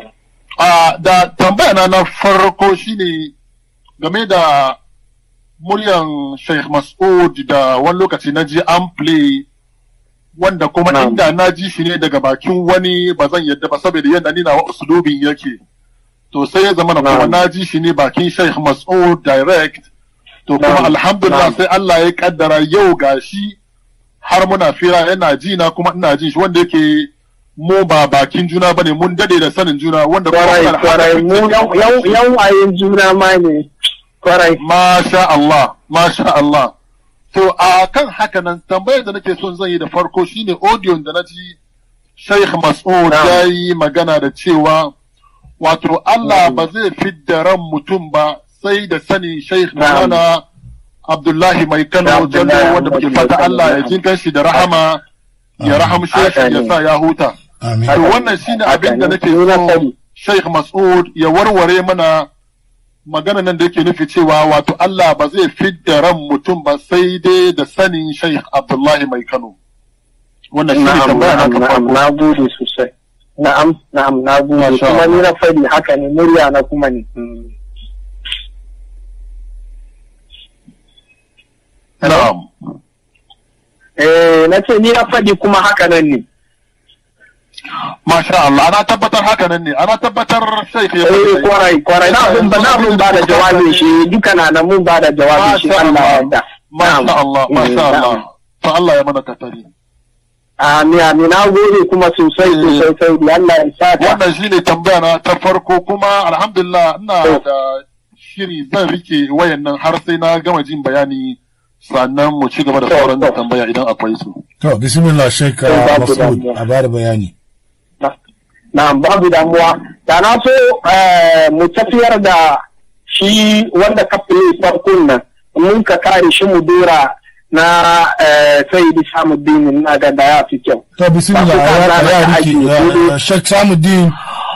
a ah, da tambaya na farko shine game da muryan Sheikh Mas'ud da wani lokaci na ji an play wanda kuma inda na ji shi ne daga bakin wani ba zan yadda ba saboda yadda ni na uslubin yake to sai ya zama na kuma na ji shi ne bakin Sheikh Mas'ud direct to kuma alhamdulillah sai Allah ya kaddara yau gashi har muna fira yana ji na kuma ina jin shi wanda yake mu ba bakin juna ba ne mun dade da sanin juna wanda ba kwarai yan wayin juna ma ne kwarai masha Allah masha Allah to a kan haka tambayar da nake son zan yi da farko shine audio da na ji Sheikh Mas'ud ya yi magana da cewa wato Allah ba zai fidda ran mutum ba sai da sanin Sheikh Maulana Abdullahi Mai Kano Jallo wanda ke fata Allah ya jinkan shi da rahama ya rahamshe shi ya sa ya huta to wannan shine abin da nake so Sheikh Mas'ud ya warware mana magana nan da yake nufi cewa wato Allah ba zai fidda ran mutum ba sai dai da sanin Sheikh Abdullahi Mai Kano wannan shi ne tambaya na farko na gode sosai na'am na'am na gode kuma ni na fadi haka ne murya na kuma ne na'am eh na ce ni ya faɗi kuma haka nan ne Masha Allah, ana tabbatar haka nan ne, ana tabbatar sai ke Eh kwarai, kwarai, na mun ba na mun ba da jawabin shi, duka na na mun ba da jawabin shi Allah ya Masha Allah, masha Allah. Fa eh, Allah ya mana katari. Amin, amin, na gode kuma sosai eh. sosai sai Allah ya saka. Wannan shine tambaya na ta farko kuma alhamdulillah ina da shiri zan rike wayannan har sai na gama jin bayani sannan mu ci gaba da sauran da tambaya idan akwai su. To, bismillah Sheikh Masud a bada bayani. Na babu damuwa, da na so eh, mu tafiyar da shi wanda ka kafin farkon nan mun ka kare shi mu dora na eh, sayyidi samuddin na ga da ya fi kyau. To, bismillah a rike, Sheikh samuddin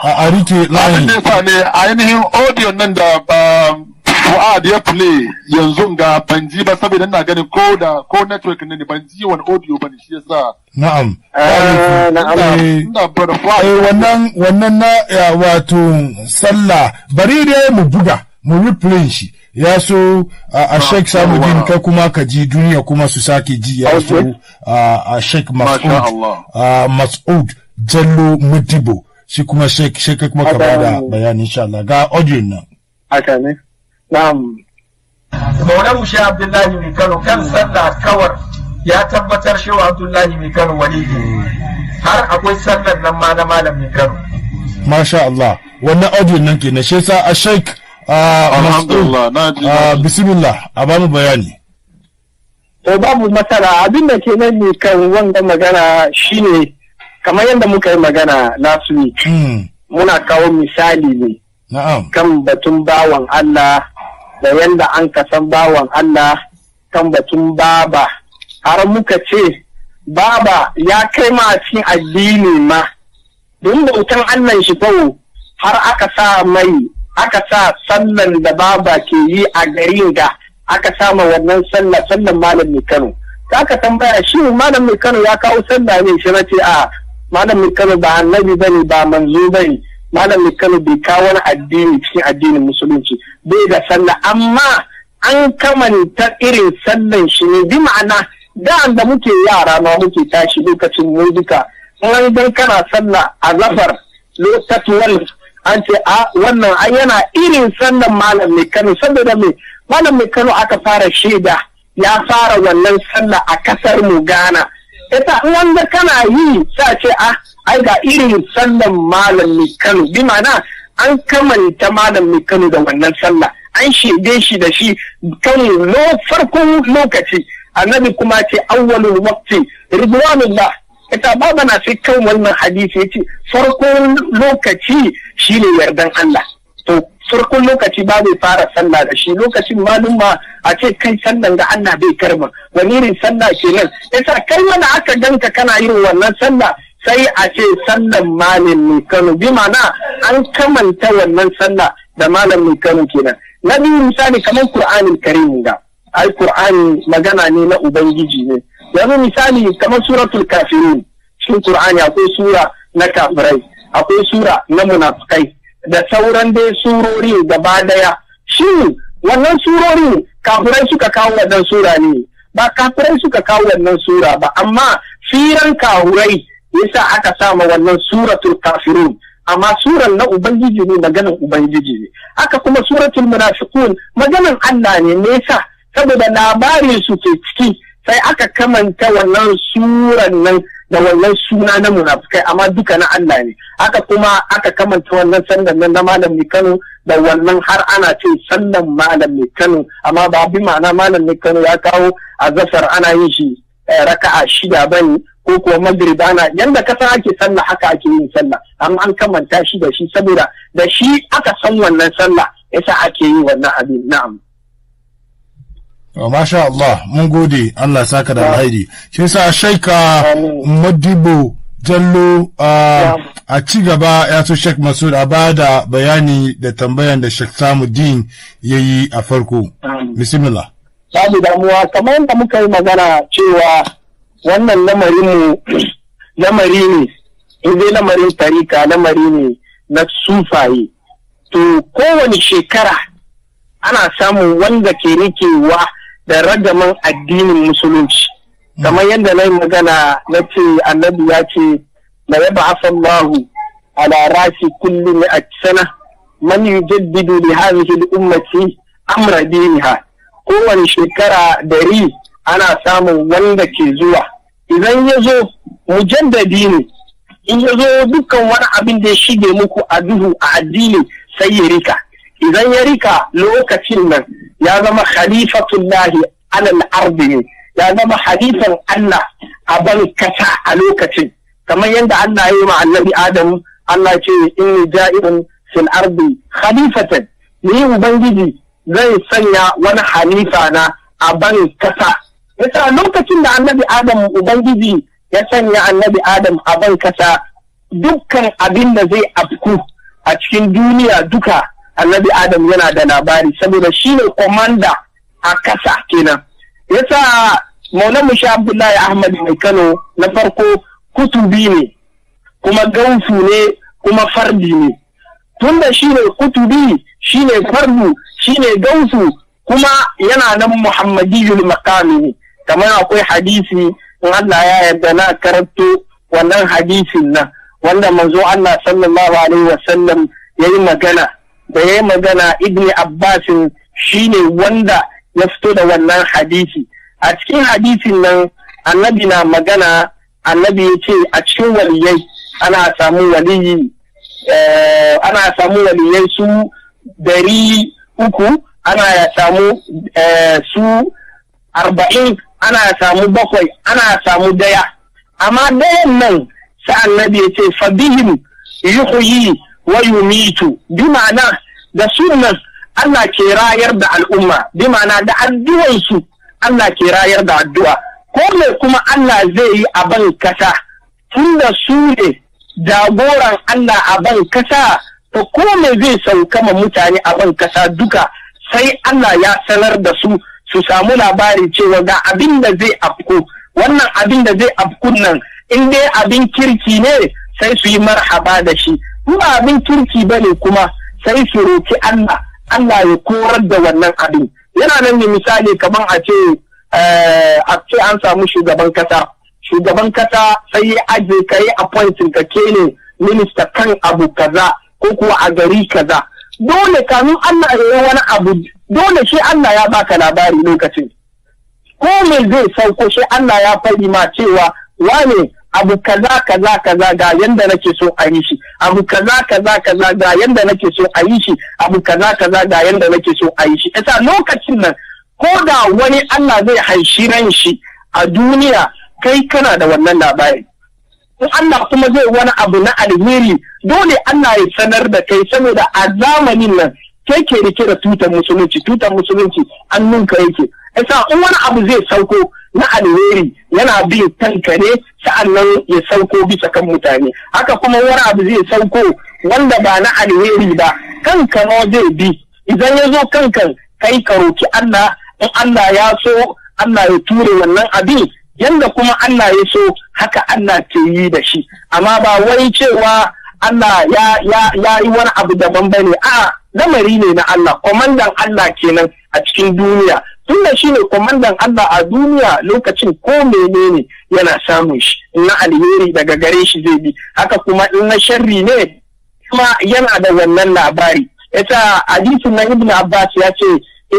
a rike layin. Abin da ne ainihin audio nan da Fuad ya play yanzu ga ban ji ba saboda ina ganin ko da ko network ne ban ji wani audio ba ne shi yasa. Na'am. Eh, eh, eh wannan wannan na wato sallah bari dai mu buga mu replay shi ya so a Sheikh ah, Samudin ka kuma ka ji duniya kuma su sake ji ya so a Sheikh Mas'ud Mas'ud Jallo Mudibo shi kuma Sheikh Sheikh kuma ka bada bayani insha Allah ga audio nan. Aka ne. Na'am. Maulana Mushi Abdullahi mai Kano kan sallah kawar ya tabbatar shi wa Abdullahi mai Kano wani har akwai sallar nan ma na malam mai Kano. Masha Allah, wannan audio nan na shi yasa a Sheikh Alhamdulillah, bismillah, a ba mu bayani. To babu matsala abin da ke nan ne kan wanda magana shine kamar yadda muka yi magana last week. Hmm. Muna kawo misali ne. Kan batun bawan Allah da yadda an kasan bawan Allah kan batun baba har muka ce baba ya kai ma cin addini ma don bautan Allah shi kawo har aka sa mai aka sa sallan da baba ke yi a garin ga aka sa ma wannan sallah sallan malam mai Kano aka tambaya shi malam mai Kano ya kawo sallah ne shi na ce a malam mai Kano ba annabi bane ba manzo bane malam mai Kano bai kawo wani addini cikin addinin musulunci bai da sallah amma an kamanta irin sallan shi ne bi ma'ana da da muke yara ma muke tashi lokacin mu duka in kana sallah a zafar lokacin an ce a wannan an yana irin sannan malam mai kano saboda mai malam mai kano aka fara shaida ya fara wannan sallah a kasar mu gana ita wanda kana yi sa ce a ah, ai ga irin sannan malam mai kano bi ma'ana an kamanta malam mai kano da wannan sallah an shaide shi da shi kan farkon lokaci annabi kuma ce awwalul waqti ridwanullah ita ba mana sai kan wannan hadisi yace farkon lokaci shine yardan Allah to farkon lokaci ba bai fara sallah da shi lokacin malum ma a ce kai sallan da Allah bai karba wani irin sallah kenan yasa kai wanda aka ganka kana yin wannan sallah sai a ce sallan malam mai kano bi ma'ana an kamanta wannan sallah da malam mai kano kenan na biyu misali kamar qur'anin karim ga ai qur'ani magana ne na ubangiji ne yanzu misali kamar suratul kafirin, cikin qur'ani akwai sura na kafirai akwai sura na munafikai da sauran dai surori gaba daya shi wannan surori kafirai suka kawo wannan sura ne ba kafirai suka kawo wannan sura ba amma firan kahurai yasa aka sama wannan suratul kafirun amma suran na ubangiji ne maganan ubangiji ne haka kuma suratul munafiqun maganan Allah ne me yasa saboda labarin su ke ciki sai aka kamanta wannan suran nan da wannan suna na munafikai amma duka na Allah ne aka kuma aka kamanta wannan sandan nan na malam Kano da wannan har ana ce sandan malam Kano amma ba bi ma'ana malam Kano ya kawo a zafar ana yin shi eh, raka'a shida bane ko kuwa magrib ana yanda kasa ake sallah haka ake yin sallah amma an kamanta shi da shi saboda da shi aka san wannan sallah yasa ake yi wannan abin na'am Masha Allah, mun gode Allah saka da alhaidi. Shi sa Shaika uh, Madibo Jallo uh, a ci gaba ya so Sheikh Masud a ba da bayani da tambayan da Sheikh Samuddin ya yi a farko. Bismillah. Sabu damuwa, kamar da muka yi magana cewa wannan lamarin mu lamari ne in dai lamarin tarika lamari ne na sufaye to kowane shekara ana samun wanda ke rikewa da ragaman addinin musulunci kamar yadda na yi magana na ce annabi ya ce na yaba asallahu ala rasi kullum a sana man yujaddidu li hadhihi al-ummati amra diniha kowane shekara dari ana samun wanda ke zuwa idan ya zo mujaddadi ne in ya zo dukkan wani abin da ya shige muku a duhu a addini sai ya rika idan ya rika lokacin nan ya zama khalifatullahi alal ardi ne ya zama halifan Allah a ban kasa a lokacin kamar yadda Allah ya yi ma annabi Adam Allah ce inni ja'irun fil ardi khalifatan ni ubangiji zai sanya wani halifa na a ban kasa yasa lokacin da annabi adam ubangiji ya sanya annabi adam a ban kasa dukkan abin da zai afku a cikin duniya duka annabi adam yana da labari saboda shi ne komanda a kasa kenan yasa maula musha abdullahi ahmad mai kano na farko kutubi ne kuma gausu ne kuma fardi ne tunda shi ne kutubi shi ne fardu shi ne gausu kuma yana nan muhammadiyul makami ne kamar akwai hadisi in Allah ya yarda na karanto wannan hadisin nan wanda manzo Allah sallallahu alaihi wasallam ya yi magana da ya yi magana ibni abbasin shine wanda ya fito da wannan hadisi a cikin hadisin nan annabi na magana annabi ya ce a cikin waliyai ana samu waliyi eh, ana samu waliyai su dari uku ana samu eh, su arba'in ana samu bakwai ana samu daya amma dayan nan sa'an annabi ya ce fabihim yuhyi wa yumitu bi ma'ana da sunan Allah ke rayar da al'umma bi ma'ana da addu'ansu Allah ke rayar da addu'a ko me kuma Allah zai yi a ban kasa tunda su ne jagoran Allah a ban kasa to ko me zai sauka ma mutane a ban kasa duka sai Allah ya sanar da su su samu labari cewa ga abin da zai afku wannan abin da zai afku nan in dai abin kirki ne sai su yi marhaba da shi in ba abin kirki ba ne kuma sai su roki Allah Allah ya korar da wannan abin yana nan ne misali kamar a ce eh, a ce an samu shugaban kasa shugaban kasa sai ya aje ka yi appointing ka ke ne minista kan abu kaza ko kuwa a gari kaza dole kanun Allah ya yi wani abu dole shi Allah ya baka labari lokacin ko me zai sauko shi Allah ya faɗi ma cewa wane abu kaza kaza kaza ga yanda nake so a yi shi abu kaza kaza kaza ga yanda nake so a yi shi abu kaza kaza ga yanda nake so a yi shi yasa lokacin nan ko da wani Allah zai haishi ran shi a duniya kai kana da wannan labari Ko Allah kuma zai wani abu na alheri dole Allah ya sanar da kai saboda a zamanin nan ke ke rike da tutar musulunci tutar musulunci an ninka yake yasa in wani abu zai sauko na alheri yana bin tanka ne nan ya sauko bisa kan mutane haka kuma wani abu zai sauko wanda ba na alheri ba kanka ma zai bi idan ya zo kankan kai ka roki Allah in Allah ya so Allah ya ture wannan abin yanda kuma Allah ya so haka Allah ke yi da shi amma ba wai cewa Allah ya yi wani abu daban bane a'a lamari ne na Allah kwamandan Allah kenan a cikin duniya tunda shi ne kwamandan Allah a duniya lokacin ko menene yana samun shi na alheri daga gare shi zai bi haka kuma in na sharri ne kuma yana da wannan labari yasa hadisin na ibn Abbas ya ce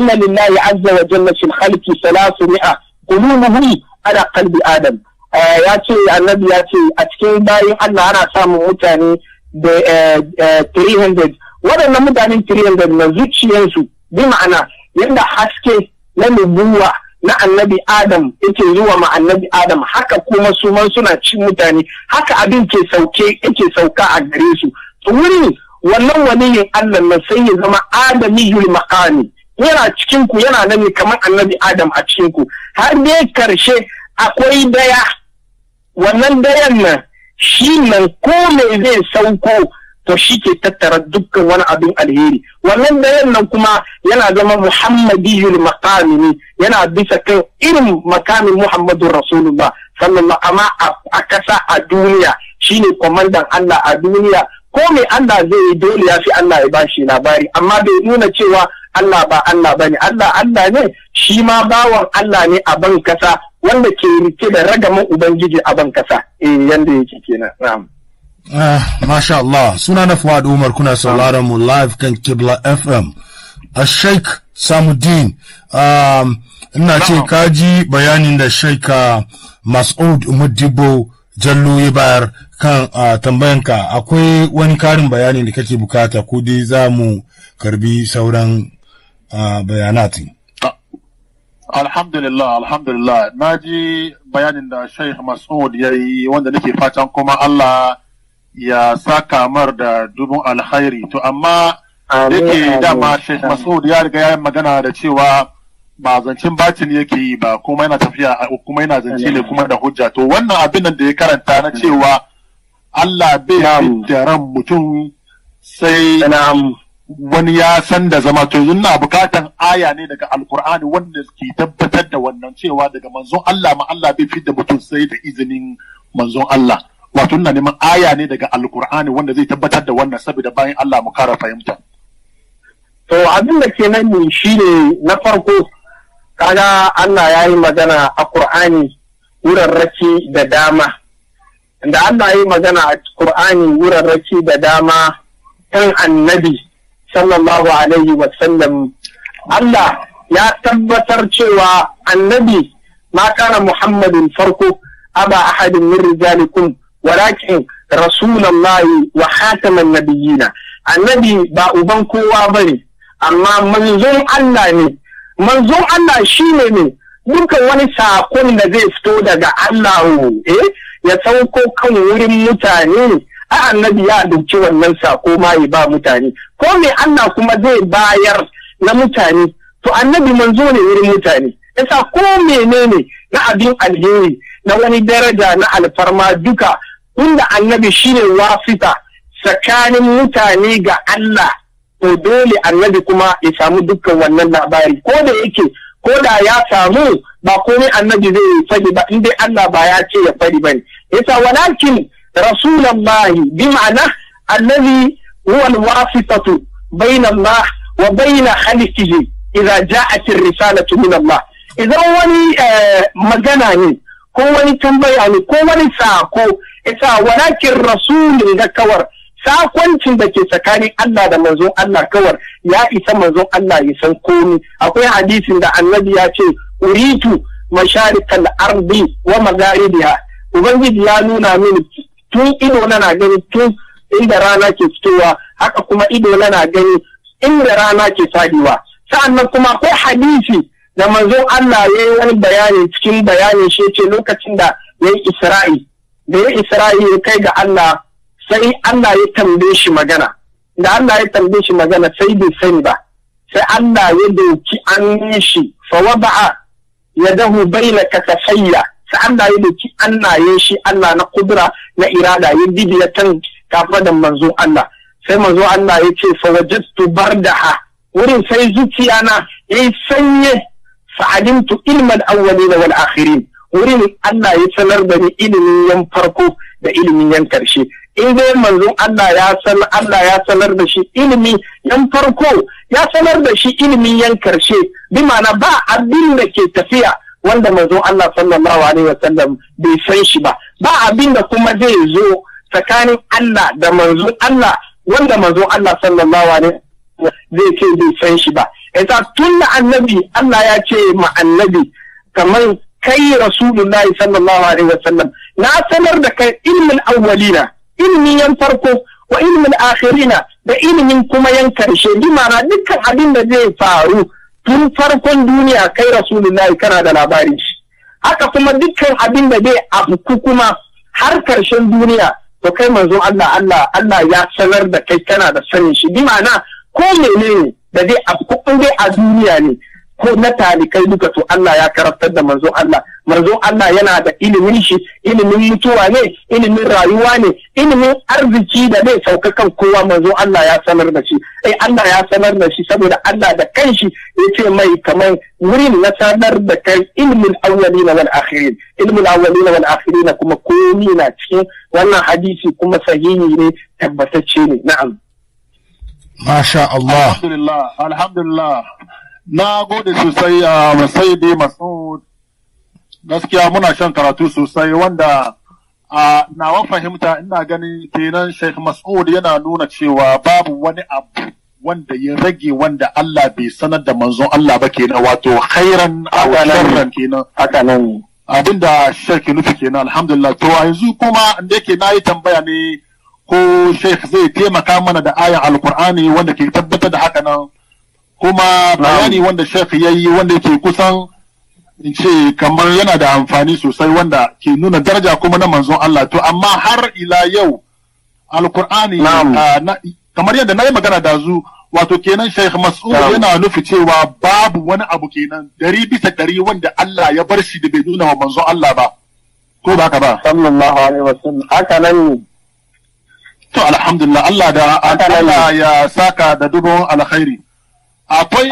inna lillahi azza wa jalla fil khalqi salasu mi'a qulubuhu ala qalbi adam eh, ya ce annabi ya ce a cikin bayan Allah ana samun mutane da 300 eh, eh, waɗannan mutanen kiriyar da na zuciyarsu bi ma'ana yadda haske na nubuwa na annabi adam yake zuwa ma annabi adam haka kuma su man suna ci mutane haka abin ke sauke yake sauka a gare su wurin wannan waliyin allah na sai ya zama adami yul makani yana cikin ku yana nan kamar annabi adam a cikin ku har dai karshe akwai daya wannan dayan nan shi nan ko mai zai sauko to shi ke tattara dukkan wani abin alheri wannan dayan nan kuma yana zama muhammadiyul makami ne yana bisa kan irin makamin muhammadun rasulullah sallallahu amma a kasa a duniya shine kwamandan allah a duniya ko mai allah zai yi dole ya fi allah ya bashi labari amma bai nuna cewa allah ba allah ba ne allah allah ne shi ma bawan allah ne a ban kasa wanda ke rike da ragaman ubangiji a ban kasa eh yanda yake kenan na'am Ah, Masha Allah, suna na Fuad Umar kuna sauraron mu live kan Kibla FM. A Sheikh Samuddin, um, ina ce kaji bayanin da Sheikh uh, Mas'ud Mudibo Jallo ya bayar kan uh, tambayanka akwai wani karin bayanin da kake bukata ko dai za mu karbi sauran uh, bayanatin. Ah, alhamdulillah, alhamdulillah. Na ji bayanin da Sheikh Mas'ud ya yi wanda nake fatan kuma Allah ya saka mar da dubin alkhairi to amma yake dama Sheikh Masud ya riga ya magana da cewa ba zancen batin yake yi ba kuma yana tafiya kuma yana zance ne kuma da hujja to wannan abin da ya karanta na cewa Allah bai da ran mutum sai wani ya san da zama to na bukatan aya ne daga alkur'ani wanda ke tabbatar da wannan cewa daga manzon Allah ma Allah bai da mutum sai da izinin manzon Allah wato ina neman aya ne daga alkur'ani wanda zai tabbatar da wannan saboda bayan Allah mu kara fahimta to abin da ke nan ne shine na farko kaga Allah ya yi magana a Qur'ani raki da dama da Allah ya yi magana a Qur'ani raki da dama kan annabi sallallahu alaihi sallam. Allah ya tabbatar cewa annabi ma kana Muhammadin farko aba ahadin min rijalikum walakin rasulullahi wa hataman annabi ba uban kowa bane amma manzon Allah ne manzon Allah shine ne dukkan wani sakon da zai fito daga Allah eh ya sauko kan wurin mutane a annabi ya dauki wannan sako ma ya ba mutane ko me Allah kuma zai bayar na mutane to annabi manzo ne wurin mutane yasa ko menene na abin alheri na wani daraja na alfarma duka tunda annabi shine wasita tsakanin mutane ga Allah to dole annabi kuma ya samu dukkan wannan labari ko da yake ko da ya samu ba komai annabi zai faɗi ba in dai Allah ba ya ce ya faɗi bane yasa walakin rasulullahi bi ma'ana annabi huwa alwasitatu bayna Allah wa bayna khalqihi idza ja'at ar-risalatu min Allah idan wani eh, magana ne ko wani tambaya ne ko wani sako isa walakin rasulin ga kawar sakoncin da ke tsakanin Allah da manzon Allah kawar ya isa manzon Allah ya san komi akwai hadisin da annabi ya ce uritu masharikal ardi wa magaribiha ubangiji ya nuna mini tun ido na na gani tun inda rana ke fitowa haka kuma ido na na gani inda rana ke faɗiwa sa'annan kuma akwai hadisi da manzon Allah ya wani bayani cikin bayanin shi ce lokacin da ya yi Isra'i da ya Isra'il kai ga Allah sai Allah ya tambaye shi magana da Allah ya tambaye shi magana sai bai sani ba sai Allah ya doki an shi fa wada'a dahu baina katafayya sai Allah ya doki annaye shi Allah na kudura na irada ya dibiya tan kafa da manzo Allah sai manzo Allah ya ce fa wajadtu bardaha wurin sai zuciya na yayi sanye fa alimtu ilmal awwalina wal akhirin wurin Allah ya sanar da ni ilimin yan farko da ilimin yan karshe in dai manzon Allah ya san Allah ya sanar da shi ilimi yan farko ya sanar da shi ilimin yan karshe bi ma'ana ba abin da ke tafiya wanda manzon Allah sallallahu alaihi wasallam bai san shi ba ba abin da kuma zai zo tsakanin Allah da manzon Allah wanda manzon Allah sallallahu alaihi zai ce bai san shi ba yasa tun da annabi Allah ya ce ma annabi kamar kai rasulullahi sallallahu alaihi wasallam na sanar da kai ilmin awwalina ilmin yan farko wa ilmin akhirina da ilmin kuma yan karshe bi ma'ana dukkan abin da zai faru tun farkon duniya kai rasulullahi kana da labari haka kuma dukkan abin da zai afku kuma har karshen duniya to kai manzo Allah Allah Allah ya sanar da kai kana da sanin shi bi ma'ana ko menene da dai afku in dai a duniya ne ko na talikai duka to Allah ya karantar da manzon Allah manzon Allah yana da ilimin shi ilimin mutuwa ne ilimin rayuwa ne ilimin arziki da zai sauka kan kowa manzon Allah ya sanar da shi ai eh, Allah ya sanar da shi saboda Allah da kanshi yace mai kamar wurin na sanar da kai ilimin awwalina wal akhirin ilimin awwalina wal akhirin kuma komi na cikin wannan hadisi kuma sahihi ne tabbatacce ne na'am masha Allah alhamdulillah alhamdulillah Na gode sosai a dai Masud. Gaskiya muna shan karatu sosai wanda a nawa fahimta ina ganin kenan Sheikh Masud yana nuna cewa babu wani abu wanda ya rage wanda Allah bai sanar da manzon Allah ba kenan wato khairan aw kenan abinda Sheikh nufi kenan alhamdulillah to yanzu kuma inda yake nayi tambaya ne ko Sheikh zai taimaka mana da ayan Alkur'ani wanda ke tabbatar da haka nan kuma bayani wanda shafi ya yi wanda ke kusan in ce kamar yana da amfani sosai wanda ke nuna daraja kuma na manzon Allah to amma har ila yau alkur'ani ah, kamar yadda na yi magana da zu wato kenan Sheikh Mas'ud yana nufi cewa babu wani abu kenan dari bisa dari wanda Allah ya bar shi da bai nuna wa manzon Allah ba ko ba ka ba sallallahu alaihi wasallam haka nan to alhamdulillah Allah da Allah ya saka da dubon alkhairi akwai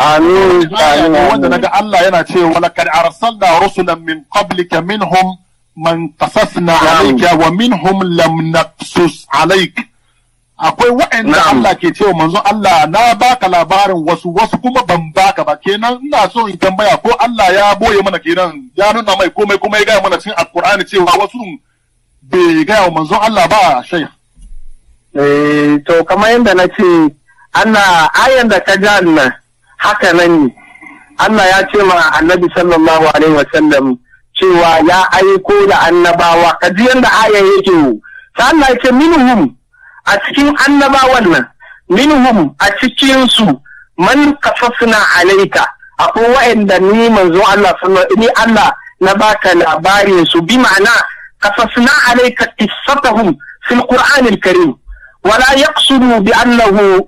wanda naga Allah yana cewa laqad arsalna rusulan min qablika minhum man qasasna alayka wa minhum lam naqsus alayk akwai waɗanda Allah ke cewa manzon Allah na baka labarin wasu wasu kuma ban baka ba kenan ina so in tambaya ko Allah ya boye mana kenan ya nuna mai komai kuma ya gaya mana cikin alkur'ani cewa wasu bai gaya wa manzon Allah ba a eh to kamar yadda na ce ana ayan da ka ja Allah haka nan ne Allah ya ce ma annabi sallallahu alaihi wasallam cewa ya aiko da annabawa kaji ji aya yake sai Allah ya ce minhum a cikin annabawan nan minhum a cikin su man kasasna alaika akwai wa'anda ni manzo Allah sallallahu ni Allah na baka labarin su bi ma'ana kasasna alaika qissatuhum fil qur'anil karim wala yaqsudu bi annahu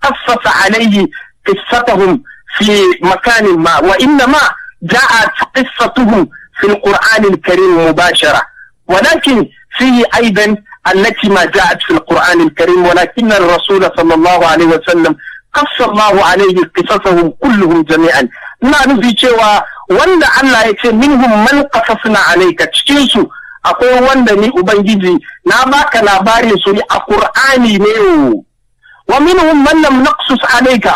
قصص eh, alaihi قصتهم في مكان ما وإنما جاءت قصتهم في القرآن الكريم مباشرة ولكن فيه أيضا التي ما جاءت في القرآن الكريم ولكن الرسول صلى الله عليه وسلم قص الله عليه قصصهم كلهم جميعا ما nufi cewa wanda Allah منهم من قصصنا عليك qasasna أقول cikin su akwai wanda ni ubangiji na baka ومنهم من لم نقصص عليك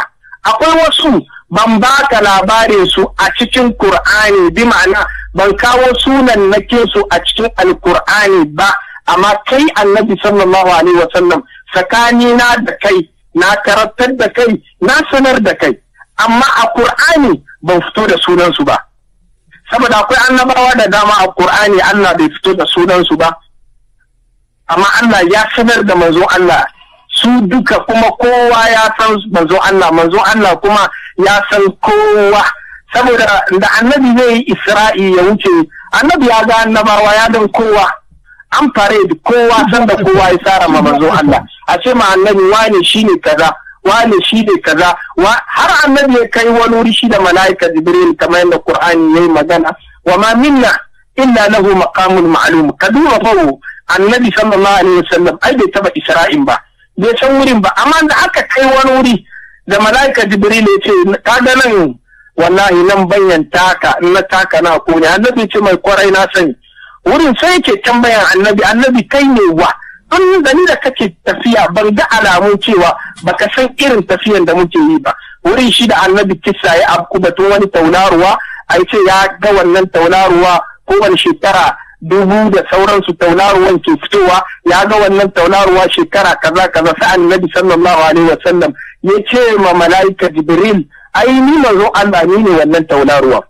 akwai wasu ban baka labarin su a cikin Kur'ani bi ma'ana ban kawo sunan ke su a cikin Alkur'ani ba amma kai Annabi sallallahu alaihi sallam tsakani na da kai na karantar da kai na sanar da kai amma a Kur'ani ban fito da sunan su ba saboda akwai annabawa da dama a Kur'ani Allah bai fito da sunan su ba amma Allah ya sanar da manzo Allah su duka kuma kowa ya san manzo Allah manzo Allah kuma ya san kowa saboda da annabi zai yi isra'i ya wuce annabi ya ga annabawa ya dan kowa an parade kowa san da kowa ya tsara ma manzo Allah a ce ma annabi wani shine kaza wani shine kaza har annabi ya kai wani wuri shi da mala'ika jibril kamar yadda qur'ani yayi magana wa ma minna illa lahu maqamun ma'lum ka fa annabi sallallahu alaihi wasallam ai bai taba isra'in ba bai san wurin ba amma da aka kai wani wuri da mala'ika jibril ya ce ka nan wallahi nan bayan taka na taka na ko ne annabi ce mai kwarai na sani wurin sai yake tambayan annabi annabi kai ne wa don da ni da kake tafiya ban ga alamun cewa baka san irin tafiyan da muke yi ba wurin shi da annabi kisa ya abku batun wani taunaruwa a ce ya ga wannan taunaruwa kowane shekara dubu da sauransu taularuwan ke fitowa ya ga wannan taularuwa shekara kaza kaza sa annabi sallallahu alaihi wasallam ya ce ma mala'ika jibril ai ni manzon Allah ni ne wannan taularuwa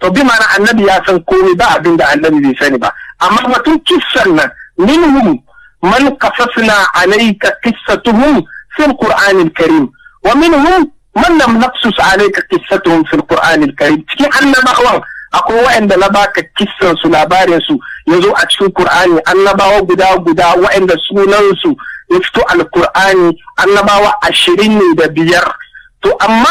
to bi ma'ana annabi ya san komai ba abin da annabi bai sani ba amma batun kissan nan minhum man qasasna alayka qissatuhum fil qur'anil karim wa minhum man lam naqsus alayka qissatuhum fil qur'anil karim cikin annabawan akwai waɗanda na baka kissan su labarin su zo a cikin Qur'ani annabawa guda guda waɗanda sunan su ya fito al alkur'ani annabawa ashirin ne da biyar to amma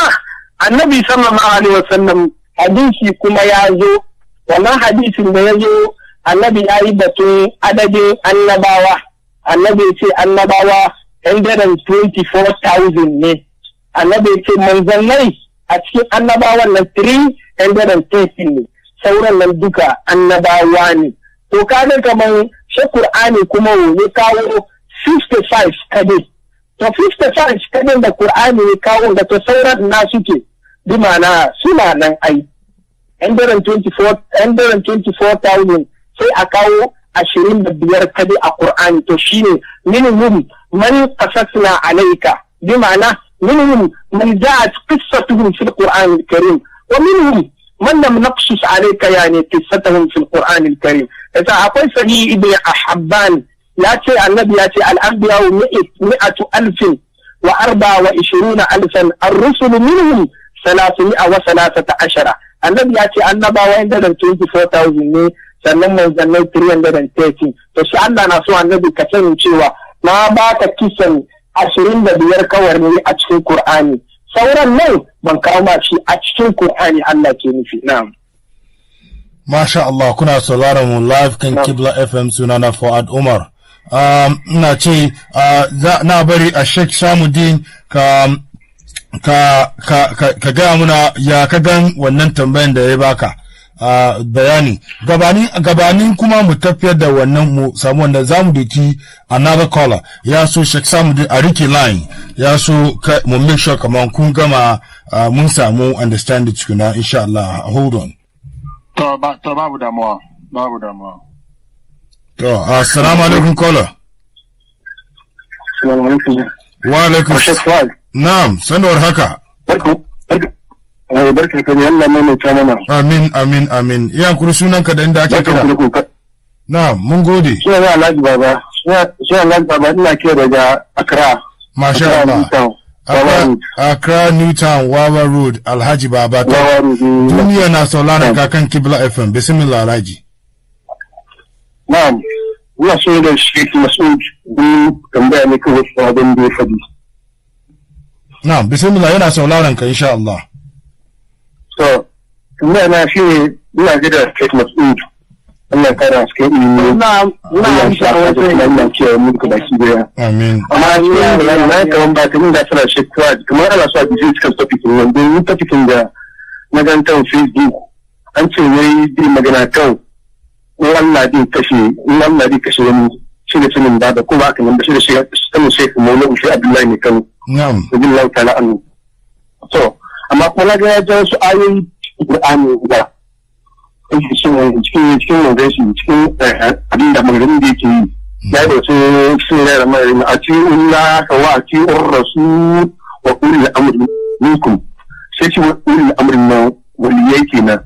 annabi sallallahu alaihi wasallam hadisi kuma ya zo wannan hadisin da ya zo annabi ya yi batun adadin annabawa annabi ce annabawa 124,000 ne annabi ce manzannai a cikin annabawan na ɓangaren taifin ne sauran nan duka annabawa ne to kaga kamar shi qur'ani kuma ya kawo 55 kadai to 55 kadai da qur'ani ya kawo da to sauran na suke bi mana suna nan ai 124,000 sai a kawo ashirin da biyar a Kur'ani to shine minimum man qasasna alayka bi mana minimum man ja'at qissatuhum fil Qur'an al-Karim ومنهم من لم نقصص عليك يعني قصتهم في القرآن الكريم إذا أعطيتني ابن حبان ياتي النبي شيء الأنبياء مئة, مئة ألف وأربعة وعشرون ألفا الرسل منهم 313 وثلاثة عشر شيء ياتي النبا وين دادن 24,000 ne sannan manzannai 313 to shi Allah na so annabi ka sani cewa na baka kisan ashirin da kawar ne a cikin Kur'ani sauran nan ban kawo ma shi a cikin kur'ani Allah ke nufi na. Masha Allah kuna sauraron mu live kan Kibla FM sunana Fuad Umar um, ina ce uh, na bari a Sheikh Samuddin ka ka ka ka gaya muna ya ka gan wannan tambayan da ya baka bayani gabanin gabanin kuma mu tafiyar da wannan mu samu wannan zamu da ki another caller ya so shek samu a rike line ya so mu make sure kamar kun gama mun samu understand it kuna insha Allah hold on to ba to babu damuwa babu damuwa to assalamu alaikum caller assalamu alaikum wa alaikum na'am sanar haka barku Allah eh, barka ka Allah mai mai mana. Amin amin amin. Ya kuri sunan ka da inda ake kira. Na mun gode. Suna na Alhaji Baba. Suna Alhaji Baba ina kira daga Accra. Masha Allah. Accra Newtown Wawa Road Alhaji Baba. Wawa Road. Duniya na sauraron kakan Kibla FM. Bismillah Alhaji. Na'am. Ina so da Sheikh Masud bin tambaya ne kawai abin da ya faɗi. Na'am bismillah yana sauraron ka insha Allah. to tunana shi ne ina ji da Sheikh Mas'ud Allah kara suke ilimi na na shi a wajen nan cewa mulku baki daya amin amma ni na na kaman ba kamin da tsara Sheikh Fuad kamar Allah sa biji cikin topic ne wanda ni topic da na gan kan Facebook an ce wai bi magana kan wannan din kashe wannan din kashe wani shi ne sunan da ko ba kaman da shi da shi sanin Sheikh Maulana Ushe Abdullahi ne kan na'am billahi ta'ala annu to amma kuma ga ya ja wasu ayoyi Qur'ani guda cikin cikin cikin magan shi cikin eh, abin da magan da yake yi ya da wasu sun rera mai a cikin Allah wa a cikin rasul wa ulil amri minkum sai shi ulil amri na wani yake na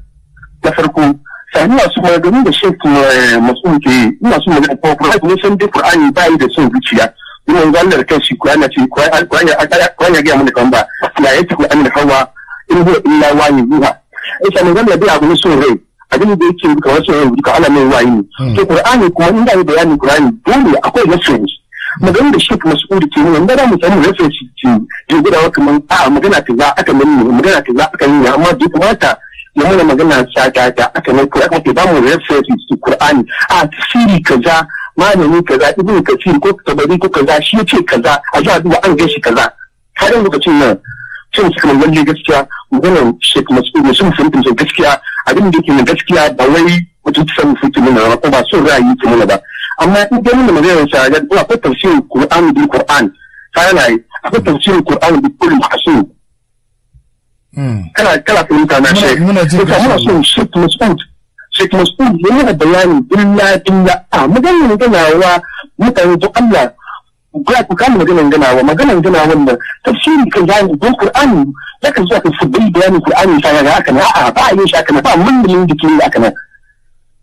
farko sani masu maganin da shekku eh, masu ke masu magana ko kuma sun bi Qur'ani ba yi da son zuciya ina wanda da kanshi ko yana ce ko ya gaya mana kan ba ya yace ko da hawa in huwa illa wani zuwa in sha ne wanda biya abu ne son rai abin da yake duka wasu rai duka ala mai wayi ne hmm. to qur'ani kuma in da bayanin qur'ani dole akwai reference magana da shi kuma su ke ne wanda da mu samu reference ce je gudawa kaman a magana ta za aka mani magana ta za aka yi amma duk mata ya mana magana ta ta aka mai ko aka ba mu reference ce qur'ani a tasiri kaza malami kaza ibn kasir ko tabari ko kaza shi yace kaza a ji duba an gaishe kaza har lokacin nan sun suka mun lalle gaskiya maganar shek mas'ud musul fahimtar sun gaskiya abin da yake na gaskiya ba wai mutum san samu fitin nuna ba ba son ra'ayi ta mun ba amma in dai mun maganar sa ga ko tafsirin qur'an da qur'an yi akwai tafsirin qur'an da kulli hasu kana kala fahimta na shek muna son shek mas'ud Sheikh Mas'ud ya mana bayani dilla dilla. a maganar ganawa mutane don Allah ga ku kama maganar ganawa maganar ganawa nan tafsiri kan yani don Qur'ani yakan zuwa kan sabbin bayanin Qur'ani sai ga haka na a ba a yin shi haka na ba mun da yin dake haka na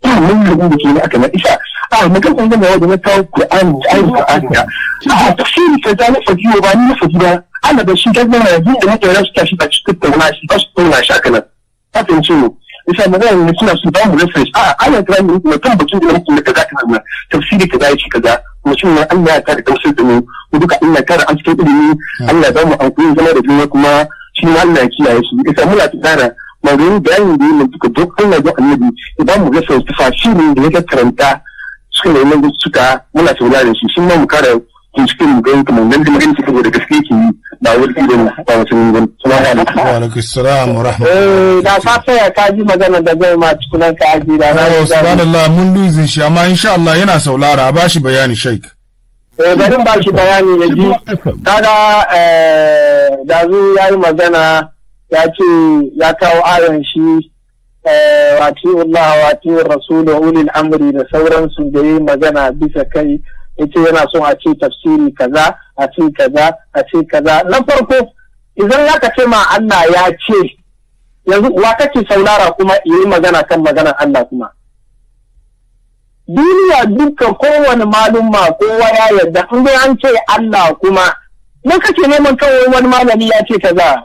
ba mun da yin dake haka na isa a maganar ganawa da na kawo Qur'ani ai Qur'ani a tafsiri kan yani fajiyo ba ni na fajiya Allah da shi gaggara yanzu da mutane su tashi ba cikin tauna shi ba su tauna shi haka nan ta fahimci ne yasa magana ne suna su ba mu reference a ana kira mu mutum batun da mutum da kaza kaza tafsiri kaza yace kaza mutum ne Allah ya kare tafsir da mu mu duka Allah kare an cikin ilimi Allah ba mu amfani zama da juna kuma shi ma Allah ya kiyaye shi yasa muna tsara maganin bayanin da yi mu duka duk Allah da annabi idan mu reference tafsiri da ya karanta suka ne suka muna saurare shi shi ma mu kare to cikin mugan kuma nan da magana cikin da gaske ke yi ba wani irin ba wasu mugan salamu alaikum wa alaikum salam wa rahmatullahi da eh, fata ya kaji magana da zai ma cikin kaji da na subhanallah mun luzin shi amma insha Allah yana saulara ba shi bayani sheik garin eh, ba shi bayani ya ji kada eh, dazu ya yi magana ya ce ya kawo ayon shi wati Allah wati rasulu ulil amri da sauransu da yi magana bisa kai yace yana son a ce tafsiri kaza a ce kaza a ce kaza na farko idan ya ka ce ma Allah ya ce yanzu wa kake saurara kuma yi magana kan maganar Allah kuma duniya dukkan kowane ma kowa ya yarda in dai an ce Allah kuma mun kake neman kawai wani malami ya ce kaza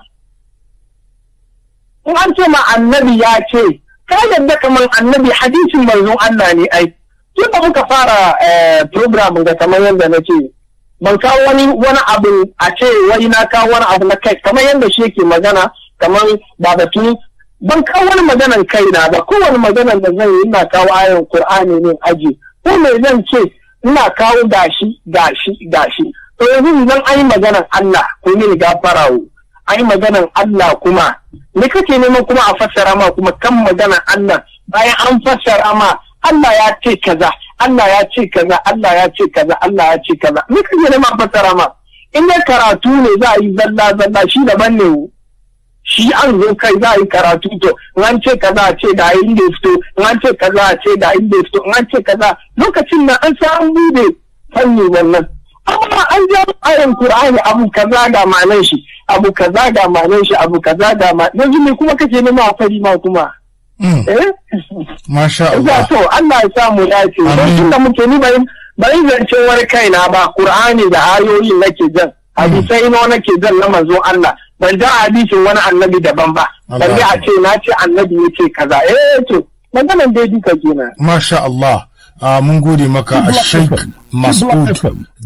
in an ce ma annabi ya ce ka yarda kamar annabi hadisin manzon Allah ne ai tun da muka fara eh, program ga kamar yadda na ce ban kawo wani abu a ce wai na kawo wani abu na kai kamar yadda shi yake magana kamar ba tuni ban kawo wani maganan kai na ba kowane maganan da zan yi ina kawo ayon Kur'ani ne aji ko me zan ce ina kawo gashi gashi gashi to yanzu idan an yi maganan Allah ko ne farawo an yi maganan Allah kuma me kake neman kuma a fassara ma kuma kan maganan Allah bayan an fassara ma Allah ya ce kaza Allah ya ce kaza Allah ya ce kaza Allah ya ce kaza me kake nema fasara ma in ya karatu ne za a yi zalla zalla shi daban ne shi an zo kai za a yi karatu to an ce kaza a ce da inda fito an ce kaza a ce da inda fito an ce kaza lokacin nan an sa an bude fanni wannan amma an ji ayan qur'ani abu kaza ga malan shi abu kaza ga malan shi abu kaza ga malan yanzu ne kuma kake nema fari ma kuma Mm. Eh? Masha Allah. to Allah ya samu dace. Don da muke ni bai bai zance war kaina ba Qur'ani da ayoyin nake jan. Mm. Hadisai no nake jan na manzo Allah. Ban da hadisin wani annabi daban ba. Ban a ce na ce annabi yace kaza. Eh to maganan dai duka kenan. Masha Allah. Ah, mun gode maka a Sheikh Masud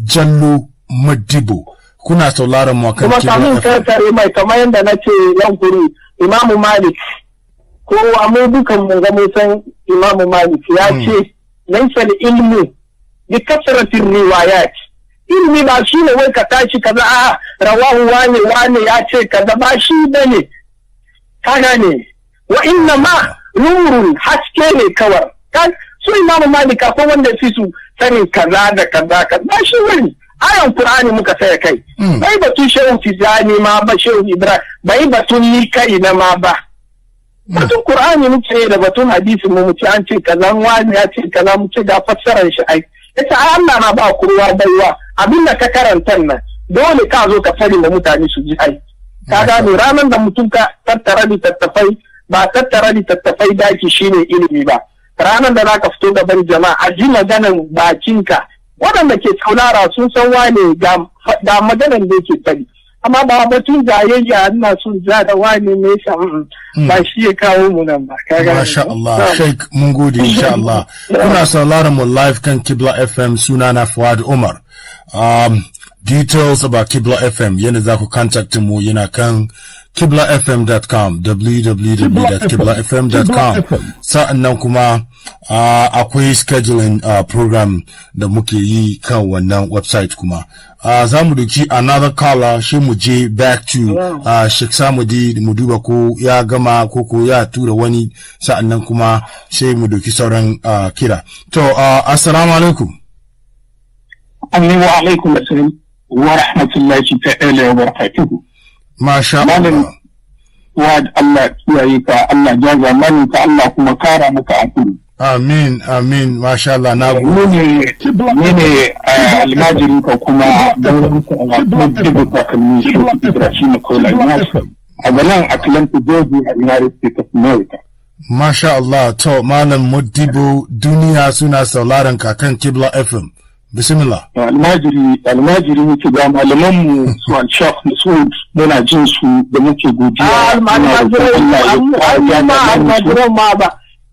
Jallo Madibo. Kuna sauraron mu kan Kuma samun kai mai kamar yadda na ce yan kuri Imamu Malik ko amma dukan mu ga san imamu malik ya hmm. ce laisa ilmi bi kasratin riwayat ilmi ba shi ne wai ka tashi kaza a ah, rawahu wani wani ya ce kaza ba shi bane kana ne wa inna ma nurun haske ne kawar su imamu malik ko wanda fi su sanin kaza da kaza kaza shi bane ayan qur'ani muka saya kai hmm. bai batun shehu tijani ma ba shehu ibrahim bai batun ni kai na ma ba batun qur'ani muke da batun hadisi mu muke an ce kaza wani ya ce kaza muke ce ga fassarar shi ai yace ai Allah na ba kowa baiwa abin da ka karanta nan dole ka zo ka fari da mutane su ji ai ka gane ranar da mutum ka tattara littattafai ba tattara littattafai daki shine ilimi ba ranar da zaka fito da ban jama'a a ji maganan bakinka waɗanda ke saulara sun san wane ga maganan da yake fari amma ba batun jayayya ina son ja da wani ne san mm. ba shi ya kawo mu nan ba kaga masha Allah Sheikh mun gode insha Allah kuna sauraron mu live kan Kibla FM sunana Fuad Umar um, details about Kibla FM yana za ku contact mu yana kan kiblafm.com www.kiblafm.com sa'annan kuma uh, akwai scheduling uh, program da muke yi kan wannan website kuma uh, za mu doki another caller shi mu je back to uh, Sheikh Samudi mu duba ko ya gama ko ko ya tura wani sa'annan kuma sai mu doki sauran uh, kira to uh, assalamu alaikum wa alaikum assalam wa rahmatullahi ta'ala wa barakatuhu Masha Allah. Ya Allah kiyaye ka Allah jaza mani ka Allah kuma kara maka akuri. Amin, amin, masha Allah, na gode. Ni ne eh, almajirin ka kuma don da kakanni shi Ibrahim Nikola a ganin Atlanta, Georgia, United States of America. Masha Allah, to Malam Modibo duniya suna sauraron kakan Kibla FM. bismillah almajiri almajiri muke ga malaman mu su alshaf masud muna jin su da muke godiya ah, almajiri ma ba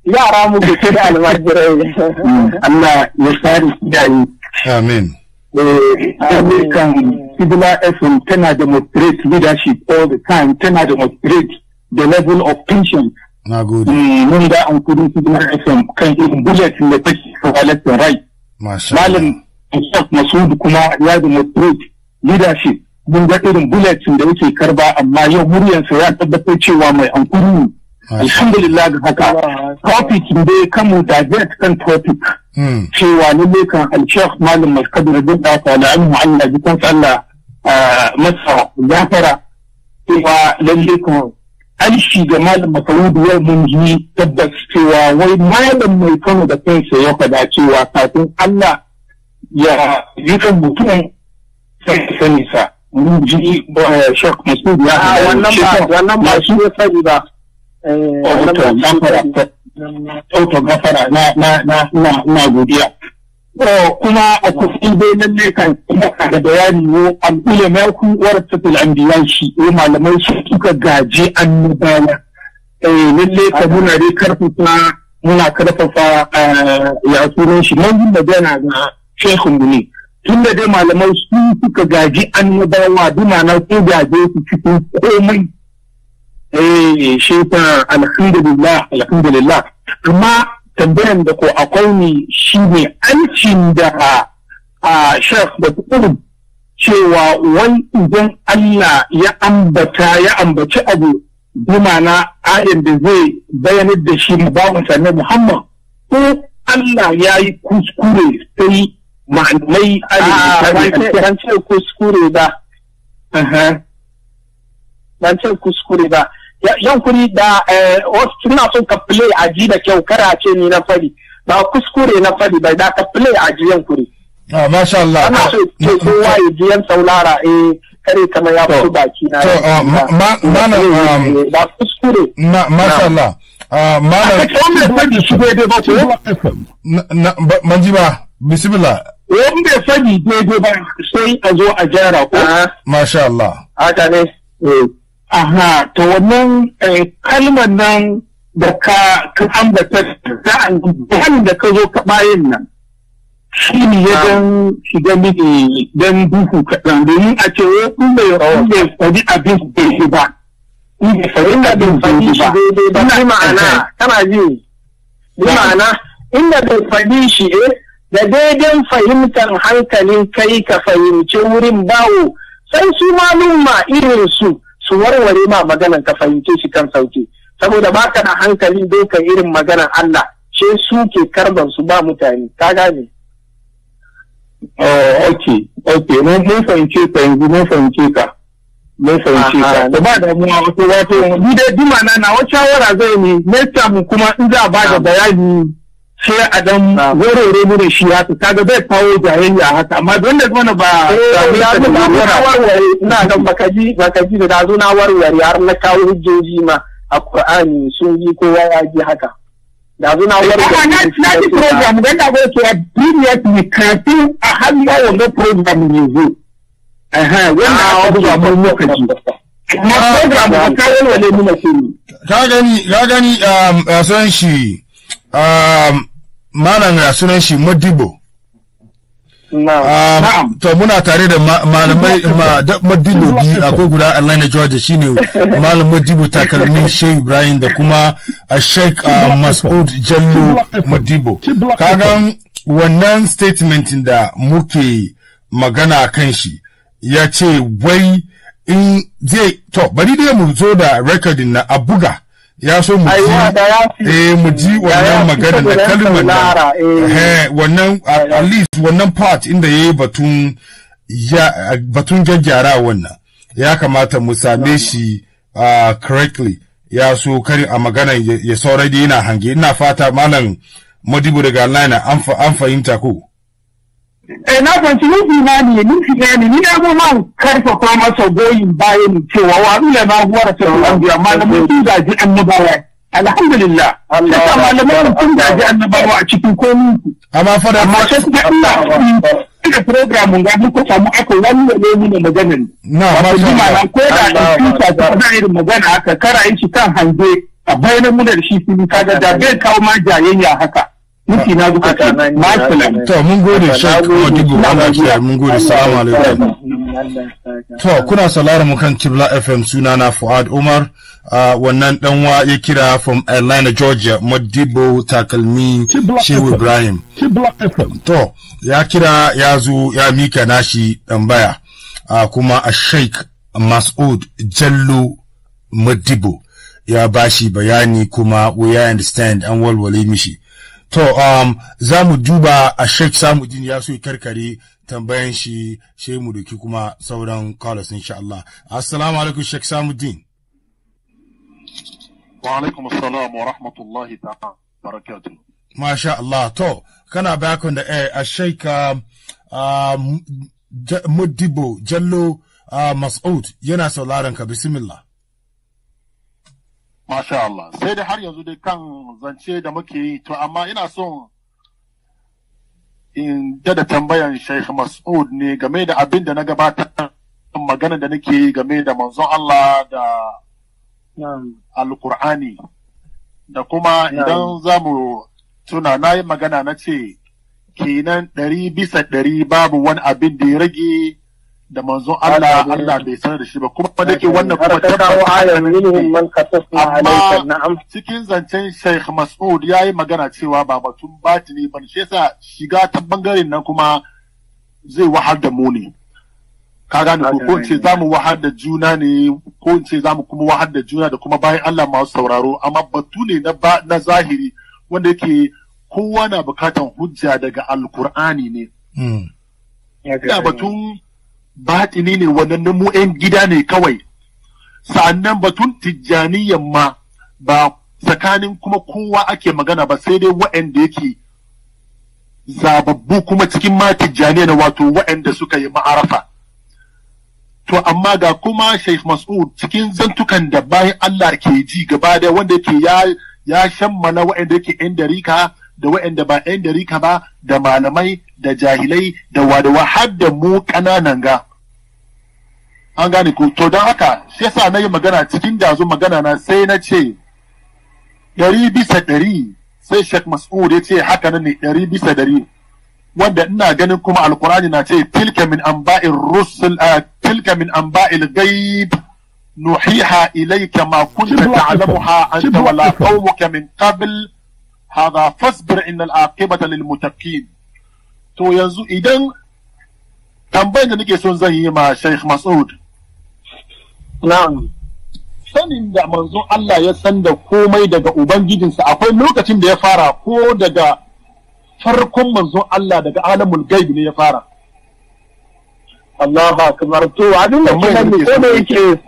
yara mu ke da almajirai mm, Allah ya sari dai amen amin American Civil FM tana demonstrate leadership all the time tana demonstrate the level of tension na gode mm, mun ga an kudin Civil FM kan budget ne take for left and right malam Musaf Masud kuma ya Madrid leadership mun ga irin bulletin da yake karba amma yau muryarsa ya tabbatar cewa mai hankuri alhamdulillah ga haka topic dai kamu divert kan topic hmm. cewa lalle kan al-sheikh malam maskadir bin da ta da annu Allah bi tsalla masa gafara cewa lalle kan alshi da malam masaudu yau mun ji tabbas cewa wai malam mai kano da kansa ya faɗa cewa kafin Allah ya yakan mutum sai sani sa mun ji eh, shak masud ah, ya wannan ba wannan ba shi ya sani ba Auto gafara na godiya. kuma a kusurin dai lalle kan da bayani ne an ule mai ku warasatul anbiya shi ko eh, malamai su suka gaje annabawa eh lalle ka muna dai karfafa muna karfafa eh, ya sunan shi nan da gana ga shehun ne tun da dai malamai su suka gaji annabawa duna na ko gaje su cikin komai eh shefa alhamdulillah alhamdulillah amma tambayan da ko akwai ne shine aikin da a shek da kuɗin cewa wai idan Allah ya ambata ya ambaci abu dumana ayin da zai bayanar da shi bawansa na Muhammad ko Allah ya yi kuskure sai malamai ah, ban ce kuskure ba ban ce kuskure ba yankuri da eh, wasu suna son ka play ji da kyau kara ce ni na fari ba kuskure na fari ba da ka play aji yankuri Ah, masha Allah. Ana so ce ah, kowa ya ji yan saulara eh kare kama ya fito baki na. To ah, ma ba um, kuskure. Na eh, masha Allah. Malam. Ka kawo mai fadi shi dai ba ko. Manji ba bisimila. Wani bai sani daidai ba sai a zo a gyara ko. Masha Allah. Haka ne. Eh. Aha, ta wannan eh, kalmar nan da ka ambata bayan da ka zo ka bayan nan. Shi ne ya dan shiga mini don duhu kaɗan domin a ce wai oh, oh. bai faɗi abin bai ba. Inda bai faɗi shi bai ba. Ina ma'ana, kana ji. Ina ma'ana, inda bai faɗi shi eh da daidan fahimtar hankalin kai ka fahimci wurin bawo sai su malumma irin su su warware ma maganan ka fahimce shi kan sauke. saboda baka da hankalin dokan irin maganan Allah ce su ke karban su ba mutane ka gane Oh, ok, ok, mun fahimce ka yanzu mun fahimce ka. mun fahimce ka da ba damuwa wato wato ni dai dumana na wata shawara zai ne nesta kuma in za a ba da bayani sai a dan warware mu da shi haka kaga bai kawo jayayya haka amma don da zama ba na dan bakaji bakaji da zo na warware har na kawo hujjoji ma a Qur'ani sun yi kowa ya ji haka da zo na eh, warware na ji program da da ko ya duniya ne a hannu wannan program ne zo eh wannan abu da mun muka ji amma program ba kawo wale mu na shi ka gani ka gani um uh, shi um, malam ga sunan shi madibo ah, Na'am. To muna tare da malamai Madibo biyu akwai guda Allah na George shine malam Madibo takalmin Shehu Ibrahim da kuma a Sheikh ah, Masud Jallo Madibo. Kagan wannan statement da muke magana kan shi ya ce wai in zai to bari dai mu zo da recording na abuga ya so mu ji eh mu ji wannan magana da kalmar da eh wannan at least wannan part inda yayi batun ya batun jajjara wannan ya kamata mu same shi correctly ya so kar a magana ya saurari yana hange ina fata malam madibu daga online an fahimta ko Eh na kwanci yin imani yin imani ni na goma karfafa masa goyin bayan cewa wa ila na guwar sauran biya malamin sun gaji annabawa alhamdulillah Allah ya malamai sun gaji annabawa a cikin komi amma fa da amma sai suka Allah da program ga muka samu aka wallale mu da maganin na ma na ko da in ta da irin magana aka kara shi kan hange a bayanan mu da shi sun kaga da bai kawo ma jayayya haka Miki na gufa ke masalam. To mun gode Sheikh Madigo Allah ya mun gode salamu alaikum. To kuna sauraron mu kan Kibla FM suna na Fuad Umar wannan danwa ya kira from Atlanta Georgia Madibo takalmi Shehu Ibrahim. To ya kira ya zo ya mika nashi tambaya kuma a Sheikh Mas'ud Jallo Madibo ya bashi bayani kuma we understand an walwale mishi. To, um, za mu duba a Sheikh Samudin ya so karkare tambayan shi sai mu doki kuma sauran callers insha Allah. Assalamu alaikum Sheikh Samudin. Wa alaikum assalam wa rahmatullahi ta'ala barakatuh. Masha Allah. To, kana bakon da the a Sheikh um, Mudibo um, Jallo uh, Mas'ud yana sauraron ka bismillah. Masha Allah, sai da har yanzu dai kan zance da muke yi, to amma ina son in da tambayan Sheikh Mas'ud ne game da abin da na gabatar magana da nake yi game da manzon Allah da Alkur'ani da kuma idan za mu tuna na yi magana na ce kenan ɗari bisa ɗari babu wani abin da ya rage da manzo Allah Allah bai sanar da shi ba kuma da ke wannan kuma dabba amma cikin zancen Sheikh Mas'ud ya yi magana cewa ba batun batini ba shi yasa shiga ta bangaren nan kuma zai wahar da mu ne ka gane ko ko ce za mu da juna ne ko ce za mu kuma wahar da juna da kuma bayan Allah masu sauraro amma batu ne na zahiri wanda yake kowa na bukatan hujja daga alkur'ani ne. ya hmm. batun batini ne wannan mu 'yan gida ne kawai sa'annan batun tijjaniyan ma ba tsakanin kuma kowa ake magana ba sai dai wa'anda yake zababbu kuma cikin ma tijjaniya na wato wa'anda suka yi ma'arafa to amma ga kuma Sheikh Mas'ud cikin zantukan da bayan Allah ke ji gaba da wanda yake ya ya shammala wa'anda yake 'yan darika da wa'anda ba 'yan rika ba da malamai da jahilai da wadawa har da mu kananan ga an gane ko to don haka sai sa na yi magana cikin dazu magana na sai na ce ɗari bisa ɗari sai Sheikh Mas'ud ya ce haka nan ne ɗari bisa ɗari wanda ina ganin kuma alkurani na ce tilka min anba'ir rusul tilka min anba'il ghaib nuhiha إليك ما كنت تعلمها أنت ولا قومك من قبل hadha fasbir innal aqibata lil muttaqin to yanzu idan tambayar da nake son zan yi ma Sheikh Mas'ud na'am sanin da manzon Allah ya san da komai daga ubangijinsa akwai lokacin da ya fara ko daga farkon manzon Allah daga alamul gaibi ne ya fara Allahu akbar to abin da kuma ne ko da yake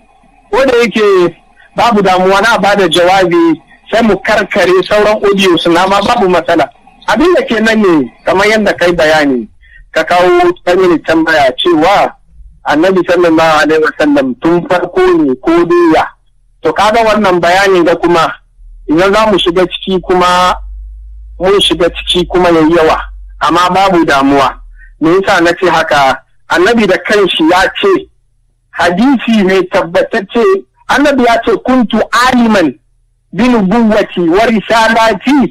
ko da yake babu damuwa na bada jawabi sai mu karkare sauran audio suna ma babu matsala abin da ke nan ne kamar yadda kai bayani ka kawo can tambaya cewa annabi sallallahu alaihi wasallam tun farko ne ko doya to kaga wannan bayani da kuma idan za mu shiga ciki kuma mun shiga ciki kuma yayi yawa amma babu damuwa me yasa na ce haka annabi da kanshi ya ce hadisi ne tabbatacce annabi ya ce kuntu aliman بالقوة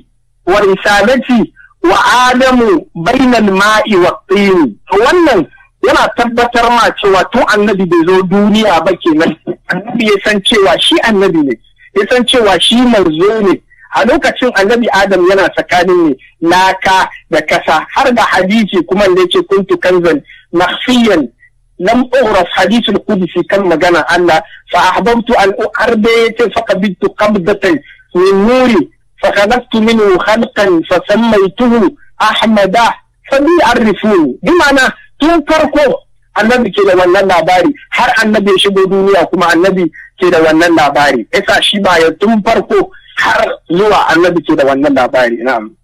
wa adamu bainan ma'i الماء والطين wannan yana tabbatar ma cewa tun annabi bai zo duniya ba kenan annabi ya san cewa shi annabi ne ya san cewa shi manzo ne a lokacin annabi adam yana tsakanin ne laka da kasa har da hadisi kuma da yake kuntu kanzan mahfiyan لم أغرف حديث القدسي كان مجانا أنا فأحببت أن أعربيت فقبلت قبضة من نوري فخلقت منه خلقا فسميته أحمد فلي عرفوني بمعنى تنكركو النبي كده وانا باري حر النبي يشبه دنيا كما النبي كده وانا باري إذا شبه تنكركو هر نوع النبي كده وانا باري نعم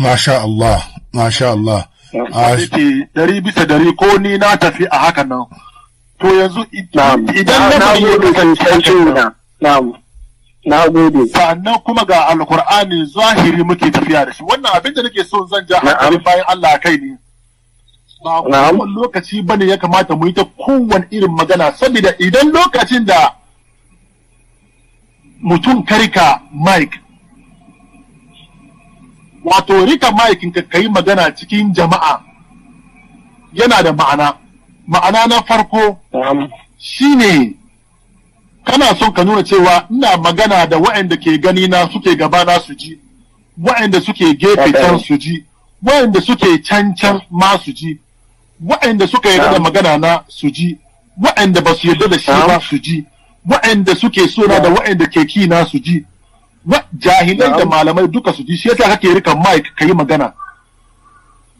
ما شاء الله ما شاء الله yake ah, dari bisa dari ko ni na tafi a haka nan to yanzu idan na gode kasancin na na gode sannan kuma ga alkur'ani zahiri muke tafiya da shi wannan abin da nake so zan ja hankali bayan Allah kai ne ba kowane lokaci bane ya kamata mu yi ta kowane irin magana saboda idan lokacin da mutum karika Mike wato rika ma'aikinka ka yi magana cikin jama'a yana da ma'ana ma'ana na farko shine kana son ka nuna cewa ina magana da waanda ke gani na suke gabana su ji waɗanda suke gefe can su ji waɗanda suke can can ma su ji waɗanda suka yarda da magana na su ji waɗanda ba su yarda da shi ba su ji waɗanda suke sona da waɗanda ke ki na su ji jahilai da malamai duka su ji shi yasa kake rika mic ka yi magana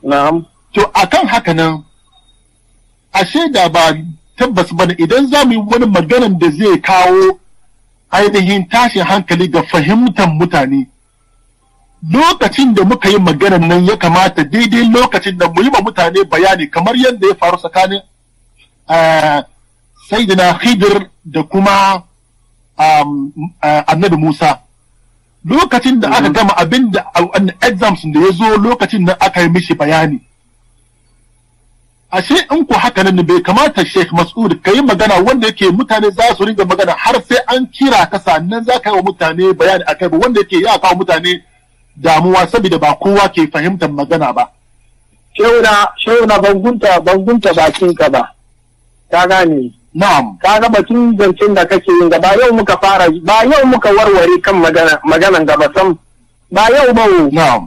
na'am to akan haka nan ashe da ba tabbas bane idan za mu yi wani maganan da zai kawo ainihin tashin hankali ga fahimtar mutane lokacin da muka yi maganan nan ya kamata daidai lokacin da mu yi ma mutane bayani kamar yadda ya faru tsakanin eh, saidina na da kuma eh, annabi musa lokacin da aka mm. gama abin da exams da ya zo lokacin da aka yi mishi bayani ashe in ku haka nan bai kamata Sheikh Mas'ud ka yi magana wanda yake mutane za su ringa magana har sai an kira ka sannan za ka yi wa mutane bayani a kai wanda yake ya kawo mutane damuwa saboda ba kowa ke fahimtar magana ba. Shauna bangunta, bangunta bakin ka ba, ta gane. Na'am. Ka ga batun zancen da kake yin ba yau muka fara ba yau muka warware kan magana maganan da sam ba yau ba wo. Na'am.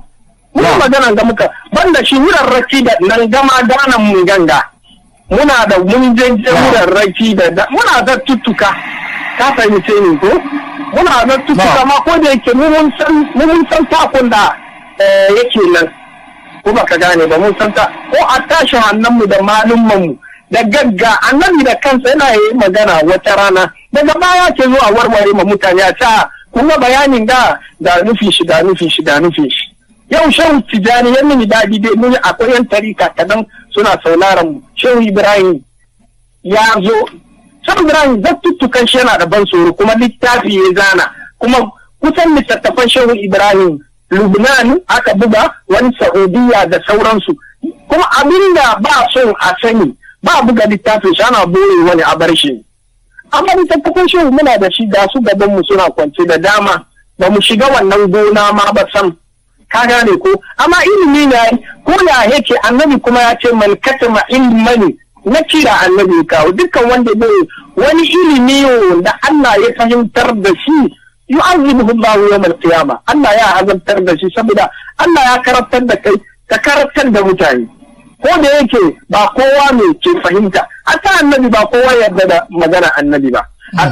Muna maganan da muka banda shi raki da nan gama danan mun ganga. Muna da mun je raki da muna da tuttuka. Ka fahimce ni ko? Muna da tuttuka ma ko da yake mun san mun san takun da eh, yake nan. Ko ba ka gane ba mun san ta ko a tashi hannun mu da malumman mu. da gagga annabi da kansa yana yi magana wata rana daga baya ke zuwa warware ma mutane a ta ah, kuma bayanin da da nufin shi da nufin shi da nufin shi yau shehu tijani ya mini daɗi dai mun akwai yan tarika kadan suna sauraron mu shehu ibrahim ya zo shehu ibrahim zattuttukan shi yana da ban tsoro kuma littafi ya zana kuma kusan littattafan shehu ibrahim lubnan aka buga wani Sa'udiyya da sauransu kuma abinda ba son a sani ba a buga littafin shi ana bore wani a bar shi amma littattafan shi muna da shi ga su gaban mu suna kwance da dama ba mu shiga wannan gona ma ba san ka gane ko amma ilimi ne ko ya yake annabi kuma ya ce ma in ilmani na kira annabi kawo dukkan wanda bai wani ilimi da Allah ya fahimtar da shi yu'azzibuhu Allahu yawmal qiyamah Allah ya azabtar da shi saboda Allah ya karantar da kai ka karantar da mutane ko da yake ba kowa ne ke fahimta ta annabi ba kowa yarda da magana annabi ba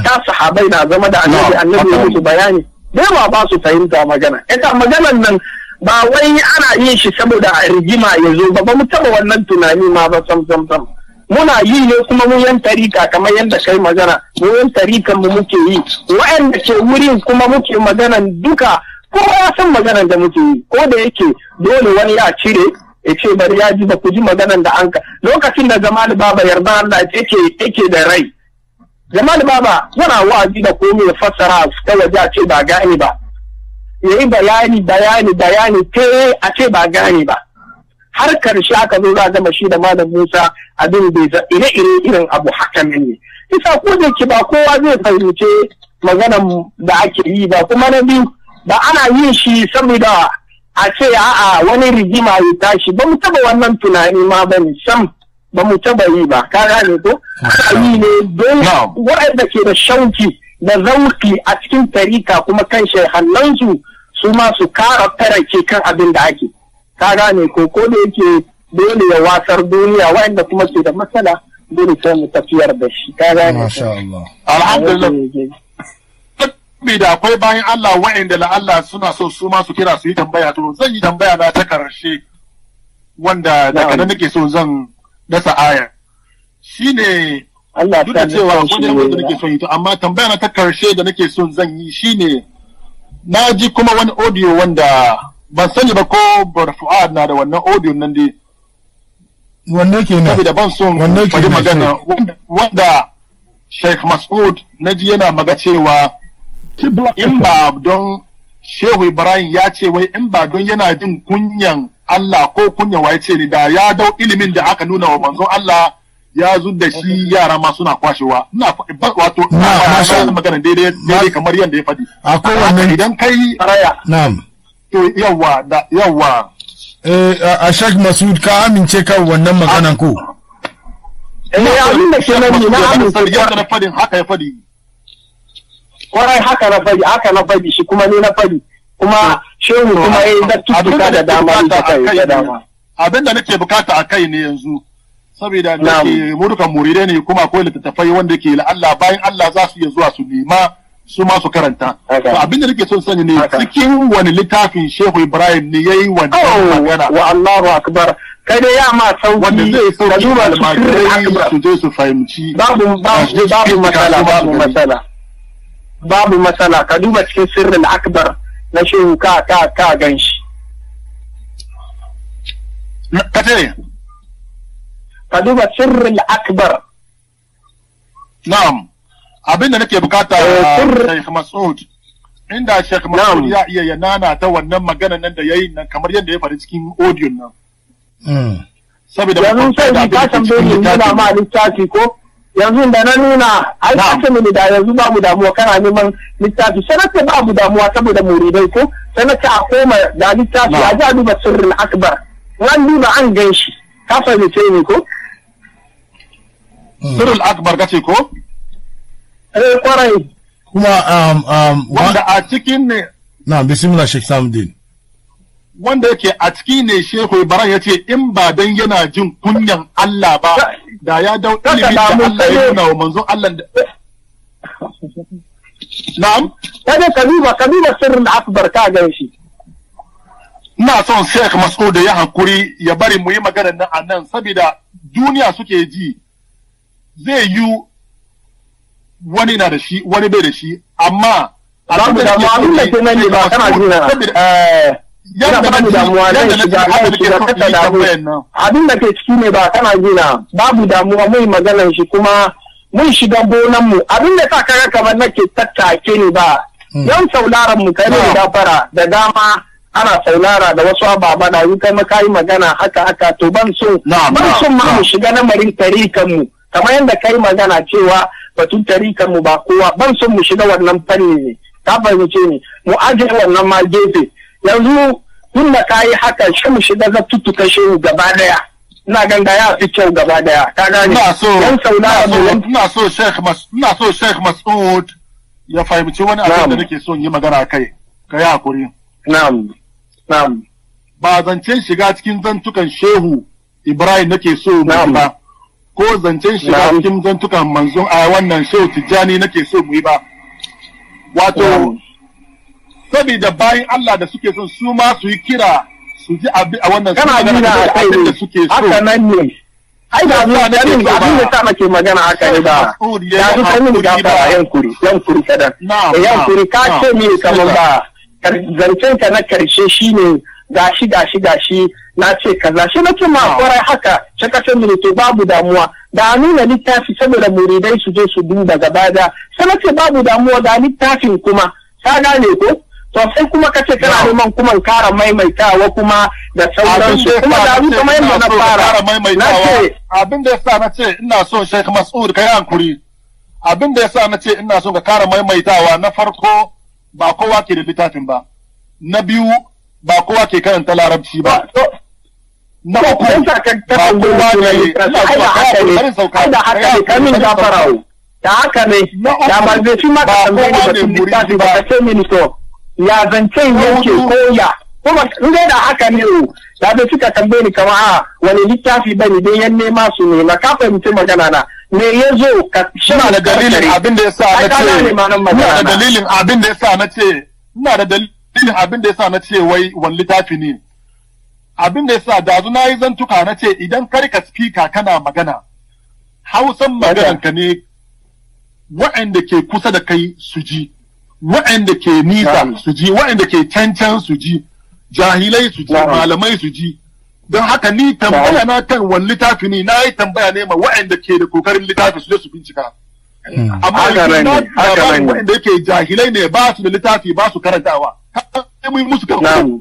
ta sahabai na zama da annabi annabi ya musu bayani da yawa ba su fahimta magana ita maganan nan ba wai ana yin shi saboda a rigima ya zo ba ba mu taba wannan tunani ma ba sam sam sam muna yi ne kuma mun yan tarika kamar yadda kai magana mu yan tarikan mu muke yi wa'anda ke wurin kuma muke maganan duka kowa ya san maganan da muke yi ko da yake dole wani ya cire ya ce bari ya ji ba ku ji maganan da an ka lokacin da Jamal Baba yarda Allah yake yake da rai Jamal Baba yana wa'azi da komai ya fassara ta waje a ce ba gane ba ya yi bayani bayani bayani te a ce ba gane ba har karshe aka zo za a gama shi da Malam Musa abin bai za ire-ire irin abu haka ne isa ko da ke ba kowa zai fahimce maganan da ake yi ba kuma na biyu ba ana yin shi saboda a ce a'a wani rigima ya tashi ba mu taba wannan tunani ma ba ni sam ba mu taba yi ba ka gane ko sai ne don waɗanda ke da shauki da zauki a cikin tarika kuma kan shehannansu su ma su kara tarake kan abin da ake ka gane ko ko da yake dole ya wasar duniya waɗanda kuma ke da matsala dole sai mu tafiyar da shi ka gane ko alhamdulillah da akwai bayan Allah wa'inda la Allah suna so su ma su kira su yi tambaya to zan yi tambaya na ta karshe wanda daga nan nake so zan dasa aya Shi ne duk da cewa akwai tambayar da nake son yi to amma tambaya na ta karshe da nake son zan yi shi ne. na ji kuma wani audio wanda ban sani ba ko bar fu'ad na da wannan audio nan dai wanne kenan saboda ban son wanne magana wanda Sheikh Mas'ud na ji yana maga cewa in ba don shehu ibrahim ya ce wai in ba don yana jin kunyan Allah ko kunyan waye ce ni da ya dau ilimin da aka nuna wa manzon Allah ya zu da shi yara ma suna kwashewa ina wato ina magana daidai kamar yadda ya fadi akwai wannan idan kai raya na'am to yawa da yawa eh a shek Masud ka amince kan wannan maganan ko eh abin da ke nan na amince yadda na faɗin haka ya fadi. kwarai haka na fari haka na fari shi kuma ne na fari kuma shehu kuma ya yi da dama da kai da dama abin da nake bukata a kai ne yanzu saboda da ke murukan ne kuma akwai littattafai wanda ke Allah, bayan Allah za su iya zuwa su nema su ma su karanta to abin da nake son sani ne cikin wani littafin Shehu Ibrahim ne yayi wannan oh, magana wa Allahu akbar kai dai ya ma sauki wanda zai sauki ka duba su je su fahimci babu babu matsala babu matsala babu matsala ka duba cikin sirrin akbar na shehu ka ka ka gan shi ka ka duba sirrin akbar na'am abinda nake bukata eh, eh, Sheikh Mas'ud inda Sheikh Mas'ud ya iya ya nana ta wannan magana nan da yayin nan kamar yadda ya faru cikin audio nan hmm. saboda yanzu sai ka tambaye ni ina ma littafi ko yanzu da na nuna an kace mini da yanzu ba mu damuwa kana neman littafi sanata ba mu damuwa saboda muridai ko sanata a koma da littafi a ji a duba sirrin akbar wani duba an gan shi ka fahimce ni ko hmm. sirrin akbar kace ko eh kwarai kuma um, um, wanda a cikin ne na bisimila shek samdin wanda yake a ciki ne shehu ibrahim ya ce in ba dan yana jin kunyan Allah ba da ya dau ilimi da Allah ya nuna wa manzon Allah da na'am kada kabiba kabiba sirrin akbar ka ga shi ina son Sheikh Mas'ud ya hankuri ya bari mu yi magana nan a nan saboda duniya suke ji zai yi wani na da shi wani bai da shi amma alhamdulillah mu abin da ke nan ne ba kana jina yadda damuwa zan shiga zan shiga abin da ke ciki ne ba kana gina babu damuwa mai maganar shi kuma mun shiga gonan mu abin da sa kaga kamar nake tattake ne ba yan hmm. sauraron mu kai da fara da dama ana saurara da wasu ababa da yi kai makayi magana haka haka to ban so ban so ma mu shiga lamarin tarikan mu kamar yadda kai magana cewa batun tarikan mu ba kowa ban so mu shiga wannan fanni ne ta fahimce ne mu ajiye wannan ma gefe yanzu tun da ka yi haka shi mu shiga ga tuttuka shi gaba daya ina ganga ya fi kyau gaba daya ka gane ina so ina so sheikh mas ina so sheikh mas'ud ya fahimci wani abin da nake so in yi magana kai ka yi hakuri na'am na'am ba zancen shiga cikin zantukan shehu ibrahim nake so mu ba ko zancen shiga cikin zantukan manzon a wannan shehu tijjani nake so mu yi ba wato saboda bayan Allah da suke son su ma su yi kira su ji a wannan kana nuna abin da suke so haka nan ne ai da zuwa da abin da ta nake magana haka ne ba ya zu sanin ga ba yan kuri yan kuri kadan eh, yan kuri ka ce me kaman ba zancen ka na karshe shine gashi gashi gashi na ce kaza shi na ce ma kwarai haka ta minito babu damuwa da nuna littafi saboda muridai su je su duba gaba da sai na ce babu damuwa ga littafin kuma ta gane ko to sai kuma kace kana neman kuma kara maimaitawa kuma da su kuma da abin kamar yadda na fara maimaitawa abin da yasa ce ina so Sheikh Mas'ud kai hankuri abin da yasa ce ina so ka kara maimaitawa na farko ba kowa ke da littafin ba na biyu ba kowa ke karanta larabci ba na uku ba kowa ne ba kowa ne da haka ne kamin gafarawo da haka ne da ba zai shi ma ka kan ni ba littafi ba ka ce mini ya zance yake ko ya kuma in da haka ne o da bai suka tambaye ni kama a ah, wani littafi bane dai yan nema su na ka fahimci magana na me ya zo ka shina da dalilin abin da yasa na ce ina da dalilin abin da yasa na ce ina da dalilin abin da yasa na ce wai wani littafi ne abin da yasa da na yi zantuka na ce idan kar ka spika kana magana hausan maganar ka ne wa'anda ke kusa da kai su ji wa'anda ke nisa su ji wa'anda ke cancan su ji jahilai su ji malamai su ji don haka ni tambaya na kan wani littafi ne na yi tambaya ne ma wa'anda ke da kokarin littafi su je su bincika hmm. amma na labarin wa'anda ke jahilai ne ba su da littafi ba su karantawa sai yi musu kan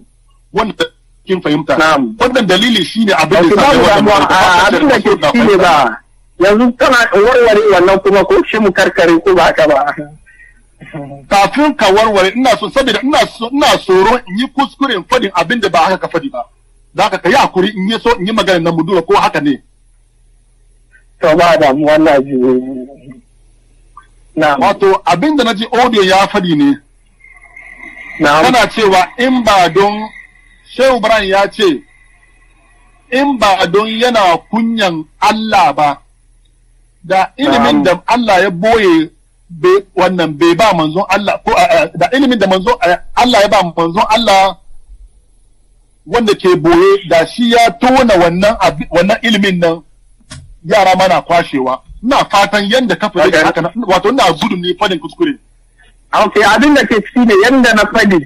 wanda kin fahimta wannan dalili shine abin da sai wannan da ke shine ba yanzu tana warware wannan kuma ko shi mu karkare ko ba haka ba kafin ka warware ina so saboda ina so ina in yi kuskuren fadin abin da ba haka ka fadi ba za ka yi hakuri in yi so in yi magana na mudura ko haka ne to ba da mu eh, eh, na wato abin da naji audio ya fadi ne na kana cewa in ba don Shehu Brian ya ce in ba don yana kunyan Allah ba da ilimin da Allah ya boye wannan bai ba manzon Allah ko da ilimin da manzon Allah ya ba manzon Allah wanda ke boye da shi ya tona wannan wannan ilimin nan yara mana kwashewa ina fatan yanda ka fadi haka wato ina gudun ne fadin kuskure okay abin da ke ci ne yanda na fadi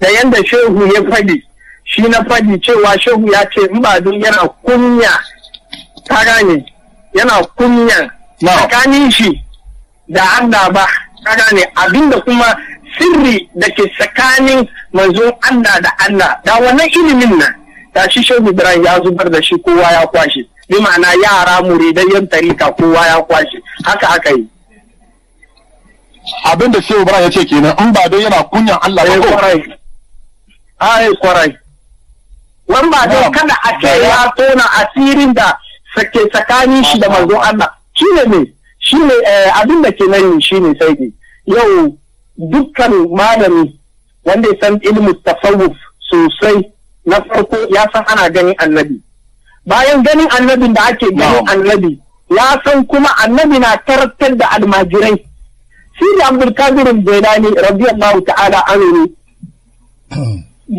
da yanda shehu ya fadi shi na fadi cewa shehu ya ce in ba yana kunya ta gane yana kunya tsakanin shi da Allah ba kaga ne abinda kuma sirri da ke tsakanin manzo Allah da Allah da wannan ilimin nan da shi Shehu Ibrahim ya zubar da shi kowa ya kwashe bi ma'ana yara muridai yan tarika kowa ya kwashe haka aka yi abin da Shehu Ibrahim ya ce kenan in ba dai yana kunyan Allah ba eh, ko ai kwarai ah, eh, wan ba dai kada a ce ya tona asirin da sake tsakanin shi da manzo Allah shi ne ne shi ne eh, abin da ke nan shi ne sai yau dukkan malami wanda ya san ilmin tasawuf sosai na farko ya san ana ganin annabi bayan ganin annabin da ake ganin annabi ya san kuma annabi na tarattar da almajirai shi ne abdulkadir jailani radiyallahu ta'ala anhu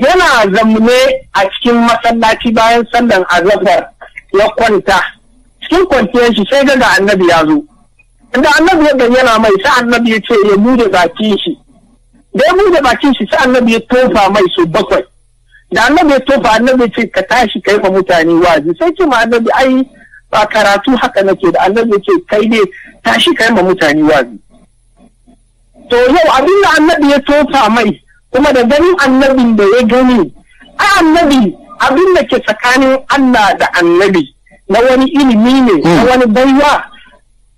yana zamune a cikin masallaci bayan sallan azabar ya kwanta cikin kwanciyar shi sai daga annabi ya zo da annabi ya bayyana mai sai annabi ya ce ya bude bakin shi da ya bude bakin shi sai annabi ya tofa mai su bakwai da annabi ya tofa annabi ce ka tashi kai ma mutane wazi sai ce ma annabi ai ba karatu haka nake da annabi ce kai ne tashi kai ma mutane wazi to yau abin da annabi ya tofa mai kuma da ganin annabin da ya gani a annabi abin da ke tsakanin Allah da annabi na wani ilimi ne na hmm. wani baiwa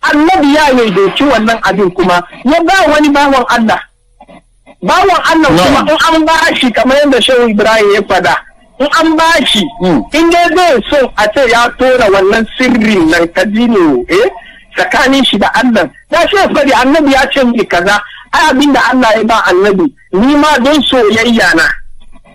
annabi ya yaidoci wannan abin kuma ya ba wani bawan Allah bawan Allah kuma in an ba shi kamar yadda Shehu Ibrahim ya fada in an ba shi hmm. in dai zai so a ce ya tona wannan sirrin nan kadino eh tsakanin shi da Allah ya ce fadi annabi ya ce mi kaza ai abin da Allah ya ba annabi ni ma don soyayya na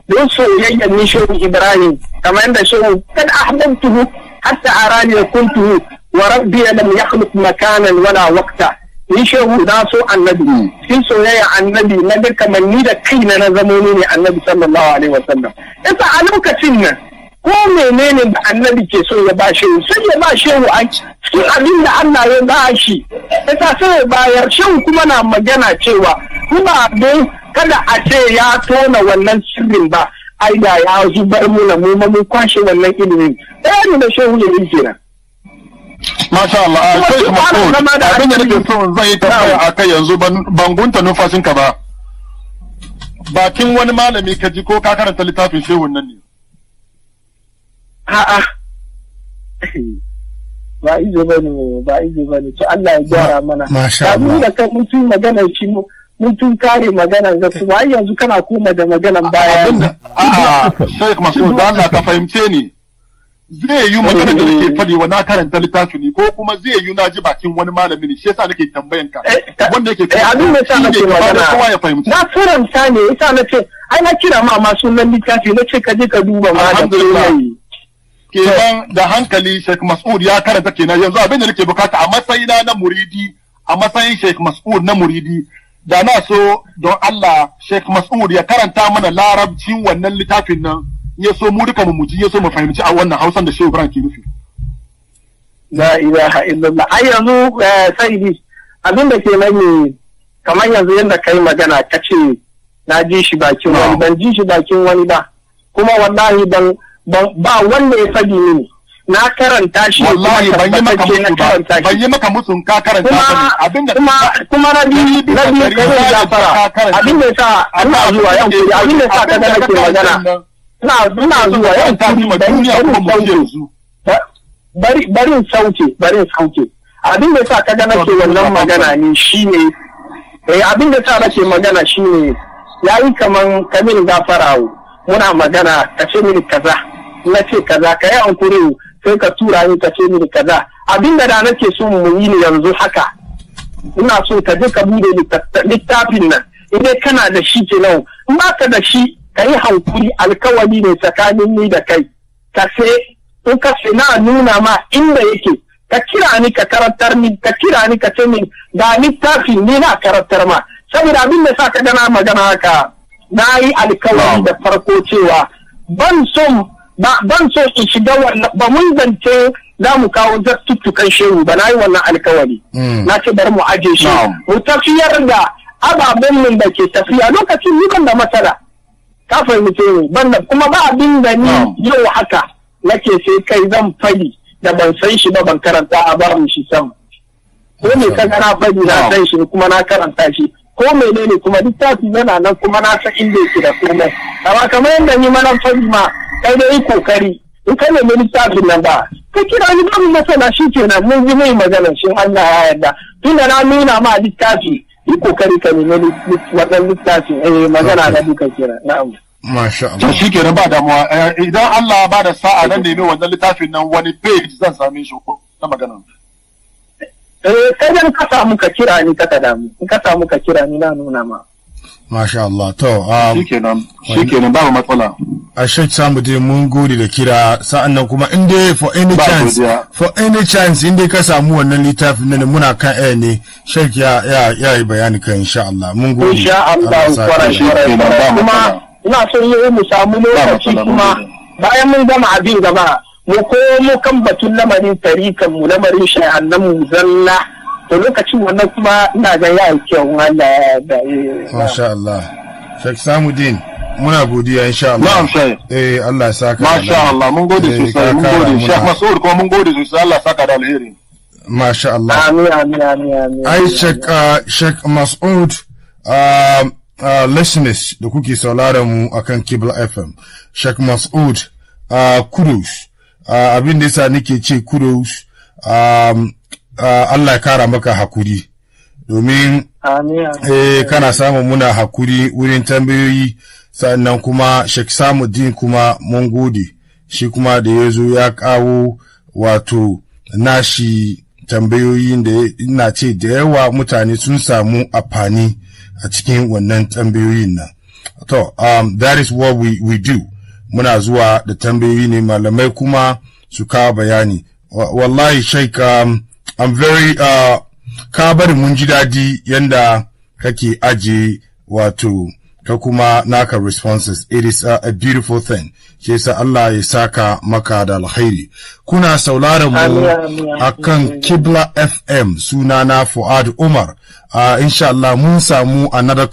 don soyayya ni Shehu Ibrahim kamar yadda Shehu kad ahbabtuhu hatta arani kuntuhu وربي لم يخلق مكانا ولا وقتا يشهو داسو النبي في سوية النبي نجد كمن نيدا كينا نزمونيني النبي صلى الله عليه وسلم إذا علوك سنة كومي نيني بأنبي كسو يباشي سن يباشيه أي سن أبين لأنا يباشي إذا سن يباير شو كمنا مجانا تيوا هما عبدو كده أتي يا ونن سرين با أيدا يا زبرمونا موما مكواشي ونن إلوين أين نشهو يليزينا Masha Allah, a sai kuma ko abin da nake so zan yi a kai yanzu ban gunta numfashinka ba. Bakin wani malami ka ji ko ka karanta littafin shehun nan ne. A'a. Ba izo ba ne, ba izo ba ne, to Allah ya gyara mana. Masha Allah. Ba da kan mutum magana shi mu. Mutum kare magana ga su yanzu kana koma da maganan baya. A'a, Sheikh Masud, Allah ka fahimce ni. zai yi magana da ke fadi wa na karanta littafi ne ko kuma zai yi na ji bakin wani malami ne shi yasa nake tambayan ka eh, wanda yake kai eh, abin da sai nake magana kowa ya fahimci na furanta ne yasa nace ai na kira ma ma sunan littafi ce ka je ka duba ma alhamdulillah kenan da hankali Sheikh Mas'ud ya karanta kenan yanzu abin da nake bukata a matsayina na muridi a matsayin Sheikh Mas'ud na muridi da na so don Allah Sheikh Mas'ud ya karanta mana larabcin wannan littafin nan ya so mu duka mu muji ya so mu fahimci a wannan hausan da shehu ibrahim ke nufi la ilaha illallah ai yanzu eh, sai abin da ke nan kamar yanzu yadda kai magana ka ce na ji shi bakin wani ban ji shi bakin wani ba kuma wallahi ban ba wanda ya fadi mini na karanta shi wallahi ban yi maka musu ba ban yi maka musu ka karanta ba abin da kuma kuma na bi kai da fara abin da sa Allah zuwa yau abin da sa ka da ke magana ina zuwa yau tafi ma duniya kuma mu je yanzu bari bari in sauke bari in sauke abin da sa kaga nake wannan magana ne shine eh abin da sa nake magana shine yayi kaman kamin gafarawo muna magana ka ce mini kaza na ce kaza ka yi hankuri sai ka tura ni ka ce mini kaza abin da da nake so mu yi yanzu haka ina so ka je ka bude littafin nan idan kana da shi kenan in ba ka da shi ka yi hankuri alkawari ne tsakanin ni da kai ka ce in ka na nuna ma inda yake ka kira ni ka karantar ni ka kira ni ka ce min ga littafi ni na karantar ma saboda abin da sa ka gana magana haka na yi alkawari da farko cewa ban son ban so in shiga wannan ba mun zance za mu kawo zartuttukan shehu ba na yi wannan alkawari mm. na ce bar mu aje shi mu tafiyar da ababen mun da ke tafiya lokacin nukan da matsala ka fahimce ni banda kuma ba abin da ni ah. yau haka nake sai kai zan fadi da ban san shi ba ban karanta a barin shi sam ko me ka na fadi na ah. san shi kuma na karanta shi ko menene kuma littafi yana nan kuma na san inda yake da komai amma kamar yadda ni mana fadi ma kai da yi kokari in ka nemi littafin nan ba ka kira ni babu masana shi kenan mun ji mai magana shi Allah ya yarda tunda na nuna ma littafi yi kokari ka nemi wadan littafi eh magana na duka kira na'am Masha Allah. shi ke ba damuwa eh, idan Allah ba da sa'a nan nemi wannan littafin nan wani page zan same shi na magana. Eh sai dan ka samu ka kira ni ka damu in ka samu ka kira ni na nuna ma. Masha Allah to. Um, shi kenan shi kenan ba matsala. a shek samu dai mun gode da kira sa'an nan kuma in dai for any chance for any chance in dai ka samu wannan littafin nan muna kan air ne shek ya ya yi bayani kan insha Allah mun gode insha Allah kuma ina son yi mu samu lokaci kuma bayan mun gama abin gaba mu ko mu kan batun lamarin tarikan mu lamarin shay'annan mu zalla to lokacin wannan kuma ina ga ya kyau Allah ya da insha Allah samu Samudin muna godiya insha Allah na'am sai eh Allah ya saka masha Allah mun gode eh, sosai mun gode Sheikh Mas'ud kuma mun gode sosai Allah ya saka da alheri masha Allah amin amin amin amin ai Sheikh uh, Sheikh Mas'ud um, uh, listeners da kuke sauraron mu akan Kibla FM Sheikh Mas'ud uh, kudos abin da yasa nake ce kudos um, Allah ya kara maka hakuri domin eh kana samun muna hakuri wurin tambayoyi sannan kuma Sheikh Samuddin kuma mun gode shi kuma da ya zo ya kawo wato nashi tambayoyin da ina ce da yawa mutane sun samu amfani a cikin wannan tambayoyin nan to um, that is what we, we do muna zuwa da tambayoyi ne malamai kuma su ka bayani wallahi Sheikh um, I'm very uh, ka bari mun ji dadi yanda kake aje wato ta kuma naka responses it is a, a beautiful thing ke sa Allah ya saka maka da alkhairi kuna sauraron mu akan Kibla FM suna na Fuad Umar uh, insha Allah mun samu another